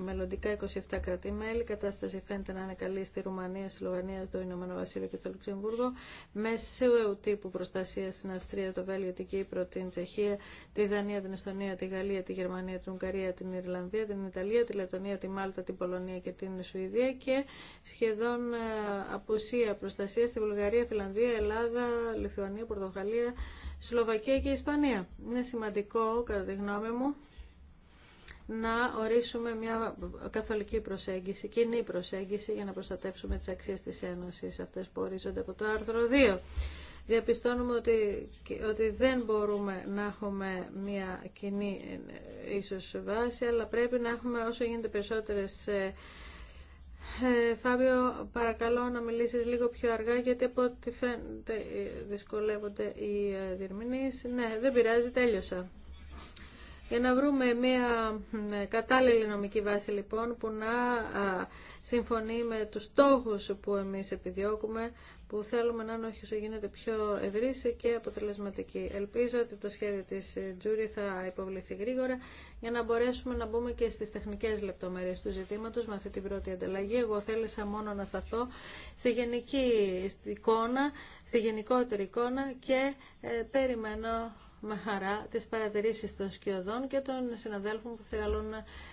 μελλοντικά 27 κρατή-μέλη, η κατάσταση φαίνεται να είναι καλή στη Ρουμανία, στη Λογανία, στο Ηνωμένο Βασίλειο και στο Λουξεμβούργο. Μεσαίου τύπου προστασία στην Αυστρία, το Βέλγιο, την Κύπρο, την Τσεχία, τη Δανία, την Εστονία, τη Γαλλία, τη Γερμανία, την Ουγγαρία, την Ιρλανδία, την Ιταλία, τη Λετωνία, τη Μάλτα, την Πολωνία και την Σουηδία και σχεδόν ε, απουσία προστασία στη Βουλγαρία, Φιλανδία, Ελλάδα, Λιθουανία, Πορτογαλία, Σλοβακία και Ισπανία. Είναι σημαντικό, κατά τη γνώμη μου, να ορίσουμε μια καθολική προσέγγιση, κοινή προσέγγιση για να προστατεύσουμε τις αξίες της Ένωσης, αυτές που ορίζονται από το άρθρο 2. Διαπιστώνουμε ότι, ότι δεν μπορούμε να έχουμε μια κοινή ε, ε, ίσως βάση, αλλά πρέπει να έχουμε όσο γίνεται περισσότερες ε, ε, Φάβιο, παρακαλώ να μιλήσεις λίγο πιο αργά, γιατί από ό,τι φαίνεται ε, δυσκολεύονται οι ε, διερμηνείς. Ναι, δεν πειράζει, τέλειωσα. Για να βρούμε μια κατάλληλη νομική βάση, λοιπόν, που να συμφωνεί με τους στόχους που εμείς επιδιώκουμε, που θέλουμε να είναι όχι γίνεται πιο ευρύ και αποτελεσματική. Ελπίζω ότι το σχέδιο της ε, Τζούρι θα υποβληθεί γρήγορα για να μπορέσουμε να μπούμε και στις τεχνικές λεπτομέρειες του ζητήματος με αυτή την πρώτη ανταλλαγή. Εγώ θέλησα μόνο να σταθώ στη γενική εικόνα, στη γενικότερη εικόνα και ε, περιμένω με χαρά τις παρατηρήσεις των σκιωδών και των συναδέλφων που θέλουν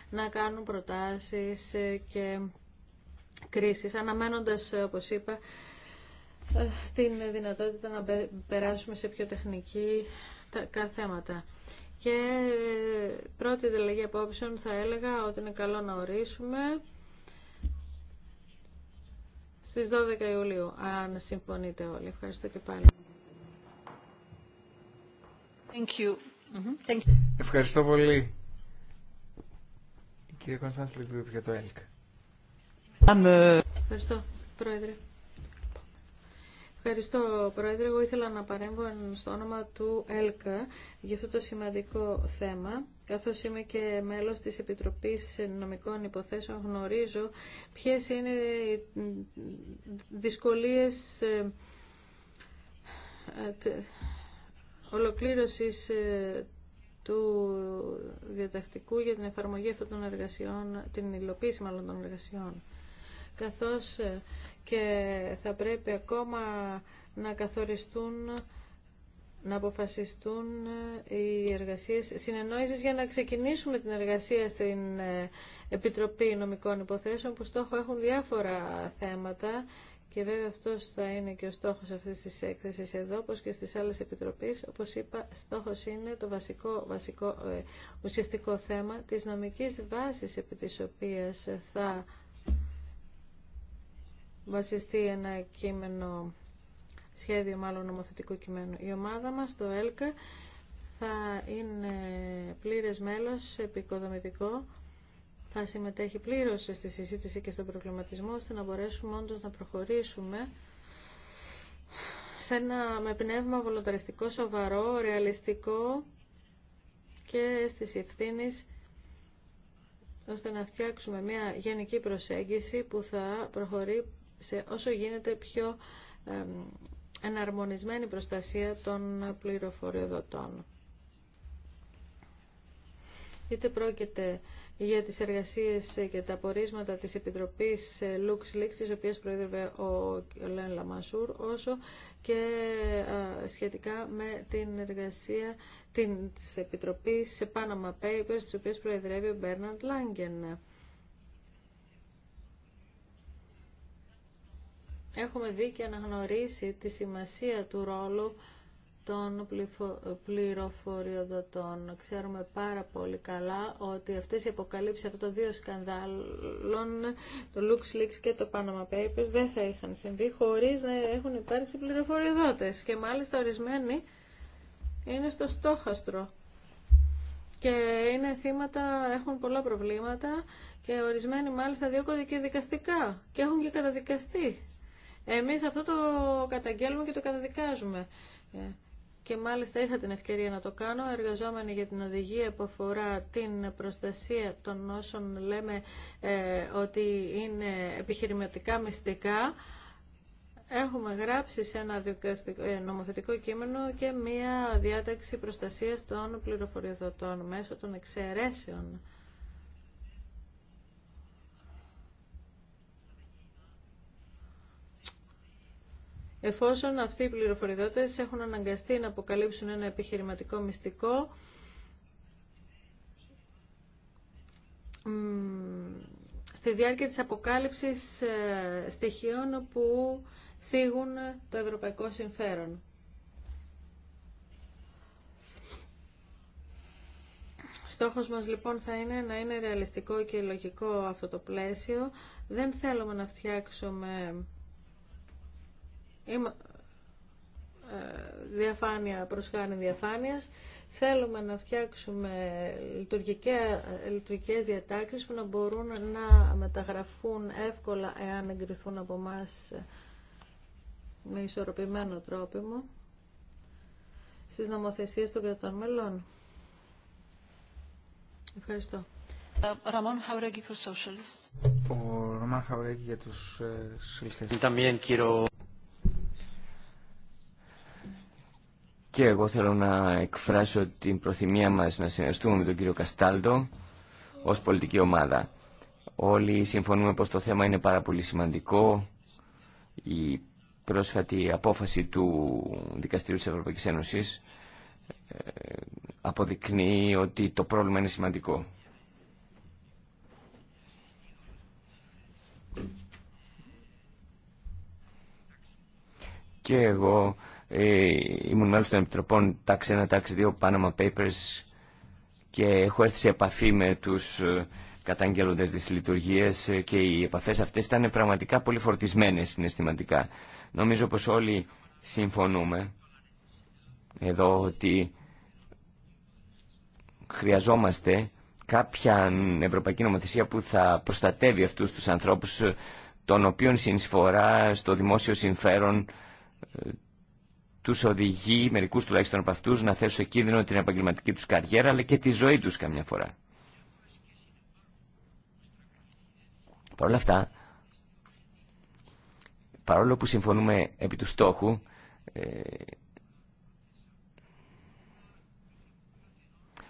να κάνουν προτάσεις ε, και κρίσεις, αναμένοντας, όπως είπα, την δυνατότητα να περάσουμε σε πιο τεχνική τα θέματα. Και ε, πρώτη δηλαδή απόψεων θα έλεγα ότι είναι καλό να ορίσουμε στις 12 Ιουλίου, αν συμφωνείτε όλοι. Ευχαριστώ και πάλι. Thank you. Mm-hmm. Thank Ευχαριστώ πολύ. Κύριε για το ΕΛΚ. Ευχαριστώ, Πρόεδρε. Ευχαριστώ, Πρόεδρε. Εγώ ήθελα να παρέμβω στο όνομα του ΕΛΚΑ για αυτό το σημαντικό θέμα. Καθώς είμαι και μέλος της Επιτροπής Νομικών Υποθέσεων, γνωρίζω ποιες είναι οι δυσκολίες ε, ε, ολοκλήρωσης ε, του διατακτικού για την εφαρμογή αυτών των εργασιών, την υλοποίηση μάλλον των εργασιών. Καθώς και θα πρέπει ακόμα να καθοριστούν να αποφασιστούν οι εργασίες συνεννόησης για να ξεκινήσουμε την εργασία στην ε, Επιτροπή Νομικών Υποθέσεων που στόχο έχουν διάφορα θέματα και βέβαια αυτός θα είναι και ο στόχος αυτής της έκθεσης εδώ, όπως και στις άλλες επιτροπές. Όπως είπα, στόχος είναι το βασικό, βασικό ε, ουσιαστικό θέμα της νομικής βάσης επί της οποίας θα βασιστεί ένα κείμενο, σχέδιο μάλλον νομοθετικού κειμένου. Η ομάδα μας, το ΕΛΚΑ, θα είναι πλήρες μέλος, επικοδομητικό, θα συμμετέχει πλήρως στη συζήτηση και στον προβληματισμό, ώστε να μπορέσουμε όντως να προχωρήσουμε σε ένα με πνεύμα βολοταριστικό, σοβαρό, ρεαλιστικό και στις ευθύνε ώστε να φτιάξουμε μια γενική προσέγγιση που θα προχωρεί σε όσο γίνεται πιο εναρμονισμένη προστασία των πληροφοριοδοτών. Είτε πρόκειται για τις εργασίες και τα πορίσματα της Επιτροπής LuxLeaks, της οποίας προέδρευε ο Λέν Λαμασούρ, όσο και σχετικά με την εργασία της Επιτροπής σε Panama Papers, της οποίας προεδρεύει ο Μπέρναντ Λάγκεν. έχουμε δει και αναγνωρίσει τη σημασία του ρόλου των πληροφοριοδοτών. Ξέρουμε πάρα πολύ καλά ότι αυτές οι αποκαλύψεις από το δύο σκανδάλων, το LuxLeaks και το Panama Papers, δεν θα είχαν συμβεί χωρίς να έχουν υπάρξει πληροφοριοδότες. Και μάλιστα ορισμένοι είναι στο στόχαστρο και είναι θύματα, έχουν πολλά προβλήματα και ορισμένοι μάλιστα διώκονται και δικαστικά και έχουν και καταδικαστεί. Εμείς αυτό το καταγγέλουμε και το καταδικάζουμε. Ε, και μάλιστα είχα την ευκαιρία να το κάνω, εργαζόμενοι για την οδηγία που αφορά την προστασία των όσων λέμε ε, ότι είναι επιχειρηματικά μυστικά. Έχουμε γράψει σε ένα ε, νομοθετικό κείμενο και μία διάταξη προστασίας των πληροφοριοδοτών μέσω των εξαιρέσεων. εφόσον αυτοί οι πληροφοριδότες έχουν αναγκαστεί να αποκαλύψουν ένα επιχειρηματικό μυστικό στη διάρκεια της αποκάλυψης ε, στοιχείων που θίγουν το ευρωπαϊκό συμφέρον. Στόχος μας λοιπόν θα είναι να είναι ρεαλιστικό και λογικό αυτό το πλαίσιο. Δεν θέλουμε να φτιάξουμε ε, διαφάνεια προς διαφάνειας. Θέλουμε να φτιάξουμε λειτουργικές διατάξεις που να μπορούν να μεταγραφούν εύκολα εάν εγκριθούν από εμά με ισορροπημένο τρόπο στις νομοθεσίες των κρατών μελών. Ευχαριστώ. Ε, Ραμόν Χαουρέγγι τους τους Ο Ραμόν Χαουρέγγι για τους ε, Και εγώ θέλω να εκφράσω την προθυμία μας να συνεργαστούμε με τον κύριο Καστάλτο ως πολιτική ομάδα. Όλοι συμφωνούμε πως το θέμα είναι πάρα πολύ σημαντικό. Η πρόσφατη απόφαση του Δικαστηρίου της Ευρωπαϊκής Ένωσης ε, αποδεικνύει ότι το πρόβλημα είναι σημαντικό. Και εγώ ε, ήμουν μέλος των Επιτροπών τάξη 1, τάξη 2, Panama Papers και έχω έρθει σε επαφή με τους ε, καταγγέλλοντες τις λειτουργίες ε, και οι επαφές αυτές ήταν πραγματικά πολύ φορτισμένες συναισθηματικά. Νομίζω πως όλοι συμφωνούμε εδώ ότι χρειαζόμαστε κάποια ευρωπαϊκή νομοθεσία που θα προστατεύει αυτούς τους ανθρώπους των οποίων συνεισφορά στο δημόσιο συμφέρον τους οδηγεί, μερικούς τουλάχιστον από αυτούς, να θέσουν σε κίνδυνο την επαγγελματική τους καριέρα, αλλά και τη ζωή τους καμιά φορά. Παρ' όλα αυτά, παρόλο που συμφωνούμε επί του στόχου, ε,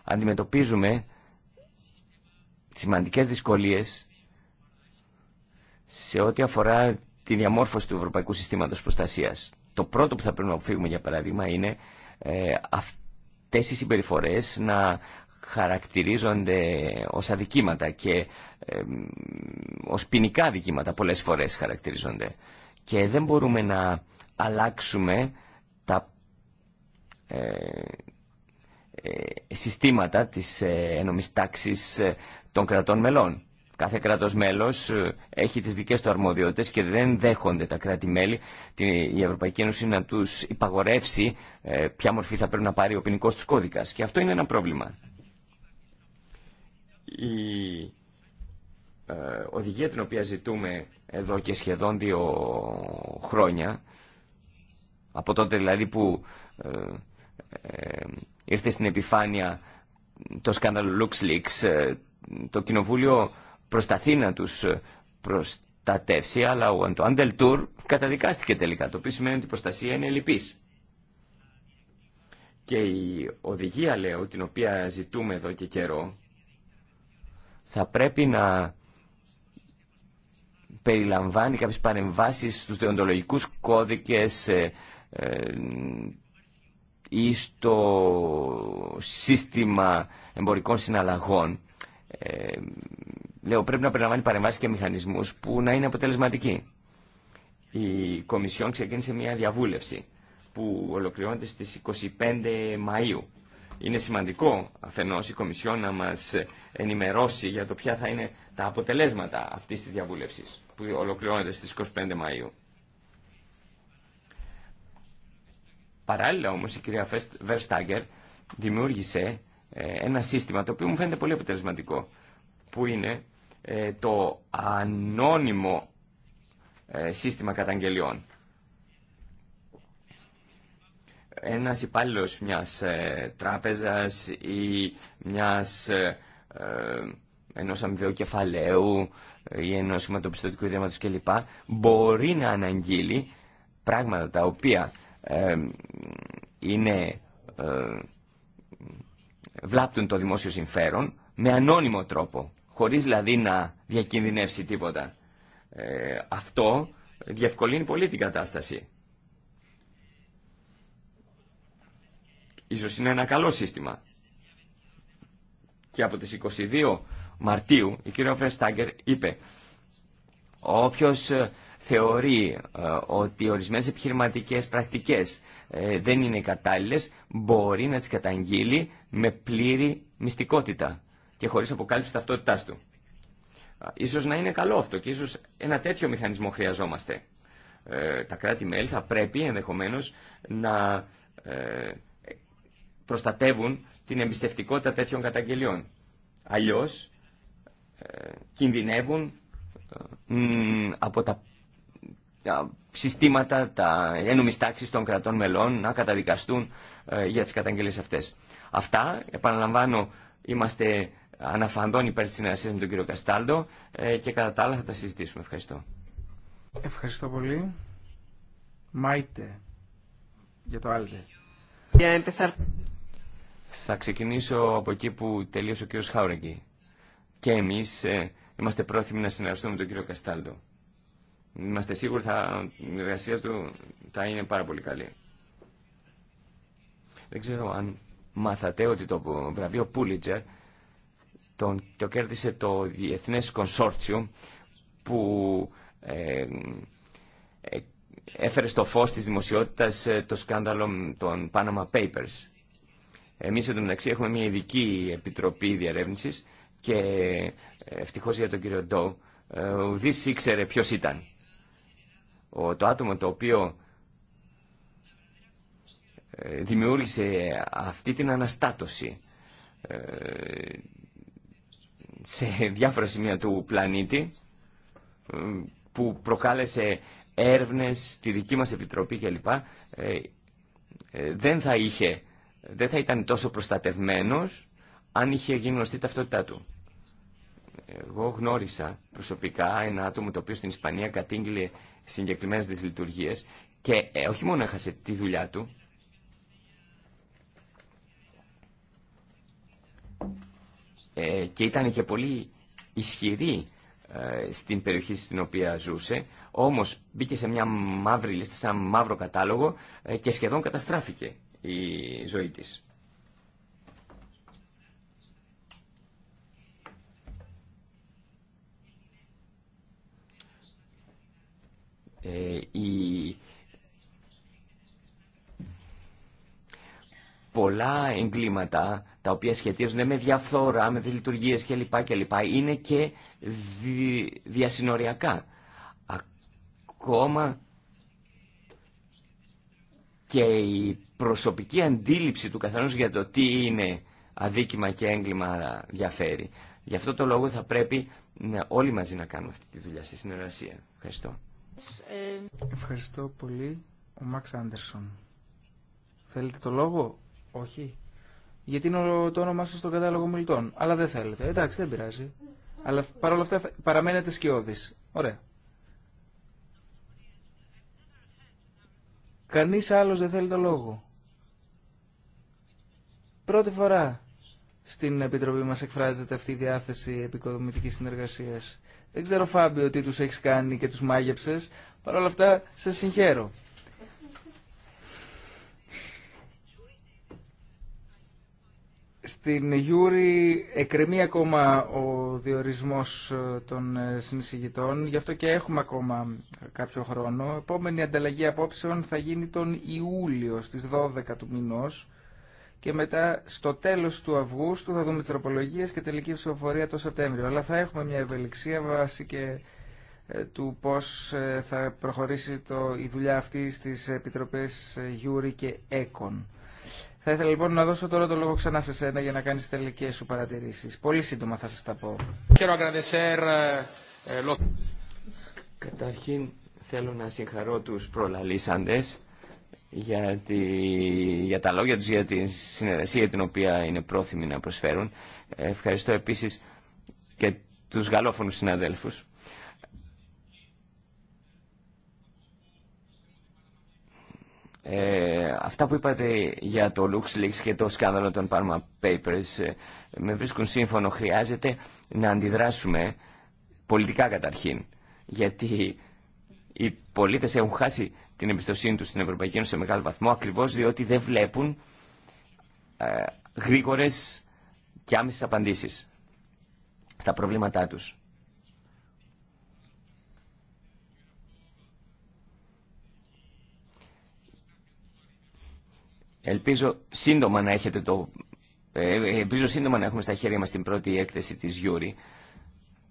αντιμετωπίζουμε σημαντικές δυσκολίες σε ό,τι αφορά τη διαμόρφωση του Ευρωπαϊκού Συστήματος Προστασίας το πρώτο που θα πρέπει να αποφύγουμε για παράδειγμα είναι ε, αυτές οι συμπεριφορές να χαρακτηρίζονται ως αδικήματα και ε, ως ποινικά αδικήματα πολλές φορές χαρακτηρίζονται. Και δεν μπορούμε να αλλάξουμε τα ε, ε συστήματα της ε, ενομιστάξης ε, των κρατών μελών. Κάθε κράτος μέλος ε, έχει τις δικές του αρμοδιότητες και δεν δέχονται τα κράτη-μέλη η Ευρωπαϊκή Ένωση να τους υπαγορεύσει ε, ποια μορφή θα πρέπει να πάρει ο ποινικό του κώδικας. Και αυτό είναι ένα πρόβλημα. Η ε, οδηγία την οποία ζητούμε εδώ και σχεδόν δύο χρόνια, από τότε δηλαδή που ήρθε στην επιφάνεια το σκάνδαλο LuxLeaks, το Κοινοβούλιο τα να τους ε, προστατεύσει, αλλά ο Αντουάν Τελτούρ καταδικάστηκε τελικά, το οποίο σημαίνει ότι η προστασία είναι λυπής. Και η οδηγία, λέω, την οποία ζητούμε εδώ και καιρό, θα πρέπει να περιλαμβάνει κάποιες παρεμβάσεις στους δεοντολογικούς κώδικες ε, ε, ή στο σύστημα εμπορικών συναλλαγών. Ε, Λέω πρέπει να περιλαμβάνει παρεμβάσει και μηχανισμού που να είναι αποτελεσματικοί. Η Κομισιόν ξεκίνησε μια διαβούλευση που ολοκληρώνεται στις 25 Μαΐου. Είναι σημαντικό αφενός η Κομισιόν να μας ενημερώσει για το ποια θα είναι τα αποτελέσματα αυτής της διαβούλευσης που ολοκληρώνεται στις 25 Μαΐου. Παράλληλα όμως η κυρία Βερστάγκερ δημιούργησε ε, ένα σύστημα το οποίο μου φαίνεται πολύ αποτελεσματικό που είναι ε, το ανώνυμο ε, σύστημα καταγγελιών. Ένας υπάλληλος μιας ε, τράπεζας ή μιας ενός κεφαλαίου ή ενός σηματοπιστωτικού ιδρύματος κλπ. μπορεί να αναγγείλει πράγματα τα οποία ε, είναι, ε, βλάπτουν το δημόσιο συμφέρον με ανώνυμο τρόπο χωρίς δηλαδή να διακινδυνεύσει τίποτα. Ε, αυτό διευκολύνει πολύ την κατάσταση. Ίσως είναι ένα καλό σύστημα. Και από τις 22 Μαρτίου η κυρία Φερστάγκερ είπε όποιος ε, θεωρεί ε, ότι ορισμένες επιχειρηματικές πρακτικές ε, δεν είναι κατάλληλες μπορεί να τις καταγγείλει με πλήρη μυστικότητα και χωρίς αποκάλυψη ταυτότητάς του. Ίσως να είναι καλό αυτό και ίσως ένα τέτοιο μηχανισμό χρειαζόμαστε. Ε, τα κράτη-μέλη θα πρέπει ενδεχομένως να ε, προστατεύουν την εμπιστευτικότητα τέτοιων καταγγελιών. Αλλιώς ε, κινδυνεύουν ε, από τα συστήματα, τα ένωμη τάξεις των κρατών μελών να καταδικαστούν ε, για τις καταγγελίες αυτές. Αυτά, επαναλαμβάνω, είμαστε αναφαντών υπέρ τη συνεργασία με τον κύριο Καστάλτο ε, και κατά τα άλλα θα τα συζητήσουμε. Ευχαριστώ. Ευχαριστώ πολύ. Μάιτε για το Άλτε. Θα ξεκινήσω από εκεί που τελείωσε ο κύριος Χάουρεγγι. Και εμείς ε, είμαστε πρόθυμοι να συνεργαστούμε με τον κύριο Καστάλτο. Είμαστε σίγουροι θα η εργασία του θα είναι πάρα πολύ καλή. Δεν ξέρω αν μάθατε ότι το βραβείο Πούλιτζερ τον, το κέρδισε το Διεθνές Κονσόρτσιο που ε, ε, έφερε στο φως της δημοσιότητας ε, το σκάνδαλο των Panama Papers. Εμείς εν μεταξύ έχουμε μια ειδική επιτροπή διαρεύνησης και ευτυχώς για τον κύριο Ντό δεν ήξερε ποιος ήταν. Ο, το άτομο το οποίο δημιούργησε αυτή την αναστάτωση σε διάφορα σημεία του πλανήτη που προκάλεσε έρευνες στη δική μας επιτροπή κλπ. Ε, ε, δεν θα είχε, δεν θα ήταν τόσο προστατευμένος αν είχε γίνει γνωστή ταυτότητά του. Εγώ γνώρισα προσωπικά ένα άτομο το οποίο στην Ισπανία κατήγγειλε συγκεκριμένες δυσλειτουργίες και ε, όχι μόνο έχασε τη δουλειά του, Ε, και ήταν και πολύ ισχυρή ε, στην περιοχή στην οποία ζούσε, όμως μπήκε σε μια μαύρη λίστα, σε ένα μαύρο κατάλογο ε, και σχεδόν καταστράφηκε η ζωή της. η πολλά εγκλήματα τα οποία σχετίζονται με διαφθόρα, με τις λειτουργίες κλπ. κλπ είναι και διασυνοριακά. Ακόμα και η προσωπική αντίληψη του καθενός για το τι είναι αδίκημα και έγκλημα διαφέρει. Γι' αυτό το λόγο θα πρέπει ναι, όλοι μαζί να κάνουμε αυτή τη δουλειά στη συνεργασία. Ευχαριστώ. Ευχαριστώ πολύ ο Μαξ Άντερσον. Θέλετε το λόγο? Όχι. Γιατί είναι το όνομά σα στον κατάλογο μιλτών. Αλλά δεν θέλετε. Εντάξει, δεν πειράζει. Αλλά παρόλα αυτά παραμένετε σκιώδη. Ωραία. Κανεί άλλο δεν θέλει το λόγο. Πρώτη φορά στην Επιτροπή μας εκφράζεται αυτή η διάθεση επικοδομητικής συνεργασίας. Δεν ξέρω, Φάμπιο, τι τους έχεις κάνει και τους μάγεψες. Παρ' όλα αυτά, σε συγχαίρω. Στην Γιούρη εκκρεμεί ακόμα ο διορισμός ε, των ε, συνεισηγητών, γι' αυτό και έχουμε ακόμα κάποιο χρόνο. Επόμενη ανταλλαγή απόψεων θα γίνει τον Ιούλιο στις 12 του μηνός και μετά στο τέλος του Αυγούστου θα δούμε τις τροπολογίες και τελική ψηφοφορία το Σεπτέμβριο. Αλλά θα έχουμε μια ευελιξία βάσει και ε, του πώς θα προχωρήσει το, η δουλειά αυτή στις Επιτροπές Γιούρη και Έκον. Θα ήθελα λοιπόν να δώσω τώρα το λόγο ξανά σε σένα για να κάνεις τελικές σου παρατηρήσεις. Πολύ σύντομα θα σας τα πω. Ε, Καταρχήν θέλω να συγχαρώ τους προλαλήσαντες για, τη, για τα λόγια τους, για τη συνεργασία την οποία είναι πρόθυμοι να προσφέρουν. Ευχαριστώ επίσης και τους γαλλόφωνους συναδέλφους Ε, αυτά που είπατε για το LuxLeaks και το σκάνδαλο των Panama Papers ε, με βρίσκουν σύμφωνο. Χρειάζεται να αντιδράσουμε πολιτικά καταρχήν. Γιατί οι πολίτε έχουν χάσει την εμπιστοσύνη τους στην Ευρωπαϊκή Ένωση σε μεγάλο βαθμό ακριβώς διότι δεν βλέπουν ε, και άμεσες απαντήσεις στα προβλήματά τους. Ελπίζω σύντομα να έχετε το... Ε, ελπίζω σύντομα να έχουμε στα χέρια μας την πρώτη έκθεση της Γιούρη,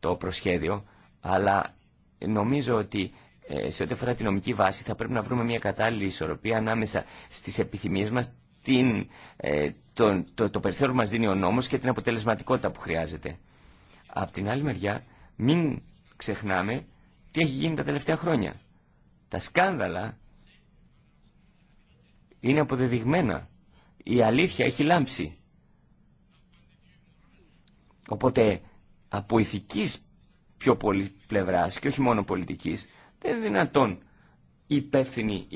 το προσχέδιο, αλλά νομίζω ότι ε, σε ό,τι αφορά τη νομική βάση θα πρέπει να βρούμε μια κατάλληλη ισορροπία ανάμεσα στις επιθυμίες μας, την, ε, το, το, το περιθώριο που μας δίνει ο νόμος και την αποτελεσματικότητα που χρειάζεται. Απ' την άλλη μεριά, μην ξεχνάμε τι έχει γίνει τα τελευταία χρόνια. Τα σκάνδαλα είναι αποδεδειγμένα. Η αλήθεια έχει λάμψει. Οπότε από ηθικής πιο πολύ πλευράς και όχι μόνο πολιτικής δεν είναι δυνατόν οι υπεύθυνοι,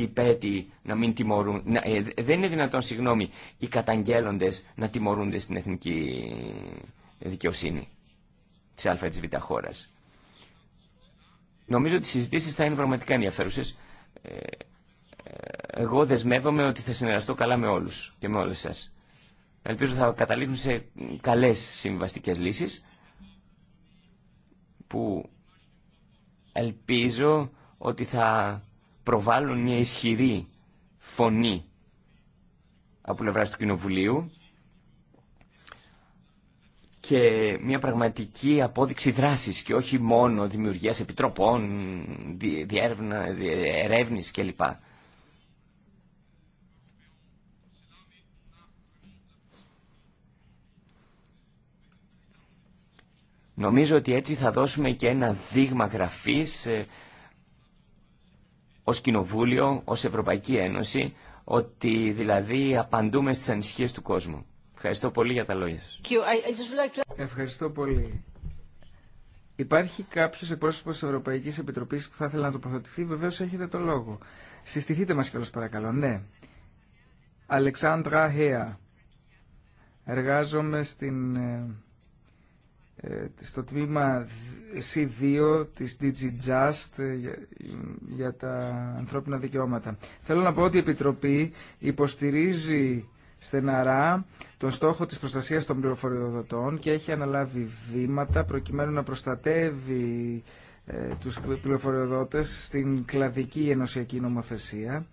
να μην τιμωρούν, να, ε, δεν είναι δυνατόν, συγγνώμη, οι καταγγέλλοντες να τιμωρούνται στην εθνική δικαιοσύνη της α της Νομίζω ότι οι συζητήσεις θα είναι πραγματικά ενδιαφέρουσες. Ε, εγώ δεσμεύομαι ότι θα συνεργαστώ καλά με όλους και με όλες σας. Ελπίζω θα καταλήξουν σε καλές συμβαστικές λύσεις που ελπίζω ότι θα προβάλλουν μια ισχυρή φωνή από πλευρά του Κοινοβουλίου και μια πραγματική απόδειξη δράσης και όχι μόνο δημιουργίας επιτροπών, διερεύνης κλπ. Νομίζω ότι έτσι θα δώσουμε και ένα δείγμα γραφής ε, ως Κοινοβούλιο, ως Ευρωπαϊκή Ένωση, ότι δηλαδή απαντούμε στις ανησυχίες του κόσμου. Ευχαριστώ πολύ για τα λόγια σας. Ευχαριστώ πολύ. Υπάρχει κάποιος εκπρόσωπος της Ευρωπαϊκής Επιτροπής που θα ήθελε να τοποθετηθεί. Βεβαίω έχετε το λόγο. Συστηθείτε μα καλώς παρακαλώ. Ναι. Αλεξάνδρα Χέα. Εργάζομαι στην ε, ε, στο τμήμα C2 της DigiJust ε, για τα ανθρώπινα δικαιώματα. Θέλω να πω ότι η Επιτροπή υποστηρίζει στεναρά τον στόχο της προστασίας των πληροφοριοδοτών και έχει αναλάβει βήματα προκειμένου να προστατεύει ε, τους πληροφοριοδότες στην κλαδική ενωσιακή νομοθεσία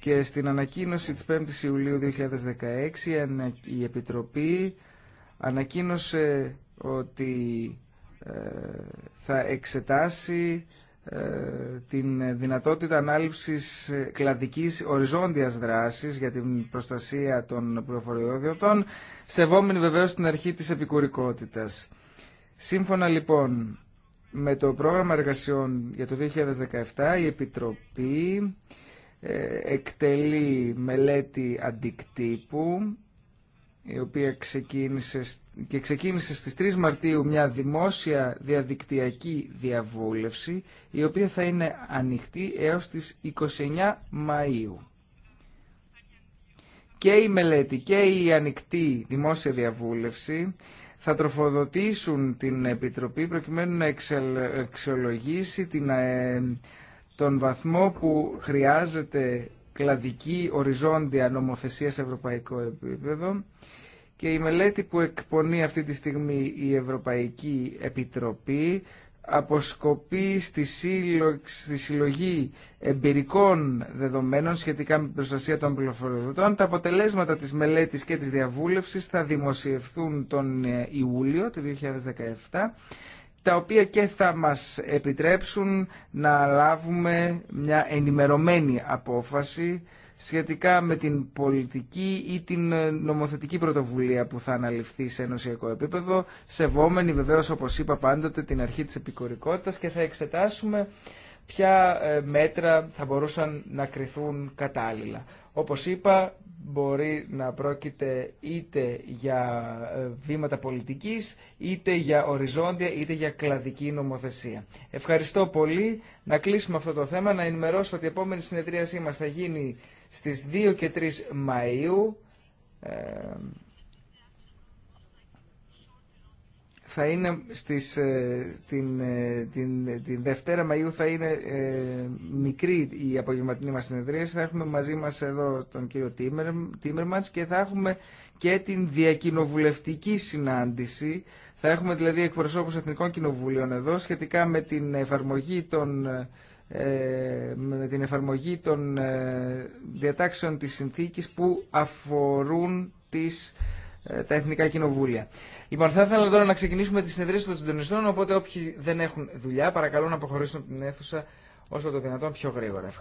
και στην ανακοίνωση της 5ης Ιουλίου 2016 η Επιτροπή ανακοίνωσε ότι ε, θα εξετάσει ε, την δυνατότητα ανάληψης κλαδικής οριζόντιας δράσης για την προστασία των πληροφοριοδιωτών, σεβόμενη βεβαίως την αρχή της επικουρικότητας. Σύμφωνα λοιπόν με το πρόγραμμα εργασιών για το 2017, η Επιτροπή ε, εκτελεί μελέτη αντικτύπου η οποία ξεκίνησε και ξεκίνησε στις 3 Μαρτίου μια δημόσια διαδικτυακή διαβούλευση η οποία θα είναι ανοιχτή έως τις 29 Μαΐου. Και η μελέτη και η ανοιχτή δημόσια διαβούλευση θα τροφοδοτήσουν την Επιτροπή προκειμένου να εξελογήσει την, ε, τον βαθμό που χρειάζεται κλαδική οριζόντια νομοθεσία σε ευρωπαϊκό επίπεδο και η μελέτη που εκπονεί αυτή τη στιγμή η Ευρωπαϊκή Επιτροπή αποσκοπεί στη, συλλογή εμπειρικών δεδομένων σχετικά με την προστασία των πληροφοριοδοτών. Τα αποτελέσματα της μελέτης και της διαβούλευσης θα δημοσιευθούν τον ε, Ιούλιο του 2017 τα οποία και θα μας επιτρέψουν να λάβουμε μια ενημερωμένη απόφαση σχετικά με την πολιτική ή την νομοθετική πρωτοβουλία που θα αναλυφθεί σε ενωσιακό επίπεδο, σεβόμενη, βεβαίως όπως είπα πάντοτε την αρχή της επικορικότητας και θα εξετάσουμε ποια ε, μέτρα θα μπορούσαν να κριθούν κατάλληλα. Όπως είπα, μπορεί να πρόκειται είτε για ε, βήματα πολιτικής, είτε για οριζόντια, είτε για κλαδική νομοθεσία. Ευχαριστώ πολύ. Να κλείσουμε αυτό το θέμα. Να ενημερώσω ότι η επόμενη συνεδρίασή μας θα γίνει στις 2 και 3 Μαΐου. Ε, θα είναι στις, ε, την, ε, την, ε, την Δευτέρα Μαΐου θα είναι ε, μικρή η απογευματινή μας συνεδρίαση. Θα έχουμε μαζί μας εδώ τον κύριο Τίμερ, Τίμερμαντς και θα έχουμε και την διακοινοβουλευτική συνάντηση. Θα έχουμε δηλαδή εκπροσώπους Εθνικών Κοινοβουλίων εδώ σχετικά με την εφαρμογή των ε, με την εφαρμογή των διατάξεων της συνθήκης που αφορούν τις ε, τα Εθνικά Κοινοβούλια. Λοιπόν, θα ήθελα τώρα να ξεκινήσουμε τη συνεδρίαση των συντονιστών, οπότε όποιοι δεν έχουν δουλειά, παρακαλώ να αποχωρήσουν την αίθουσα όσο το δυνατόν πιο γρήγορα.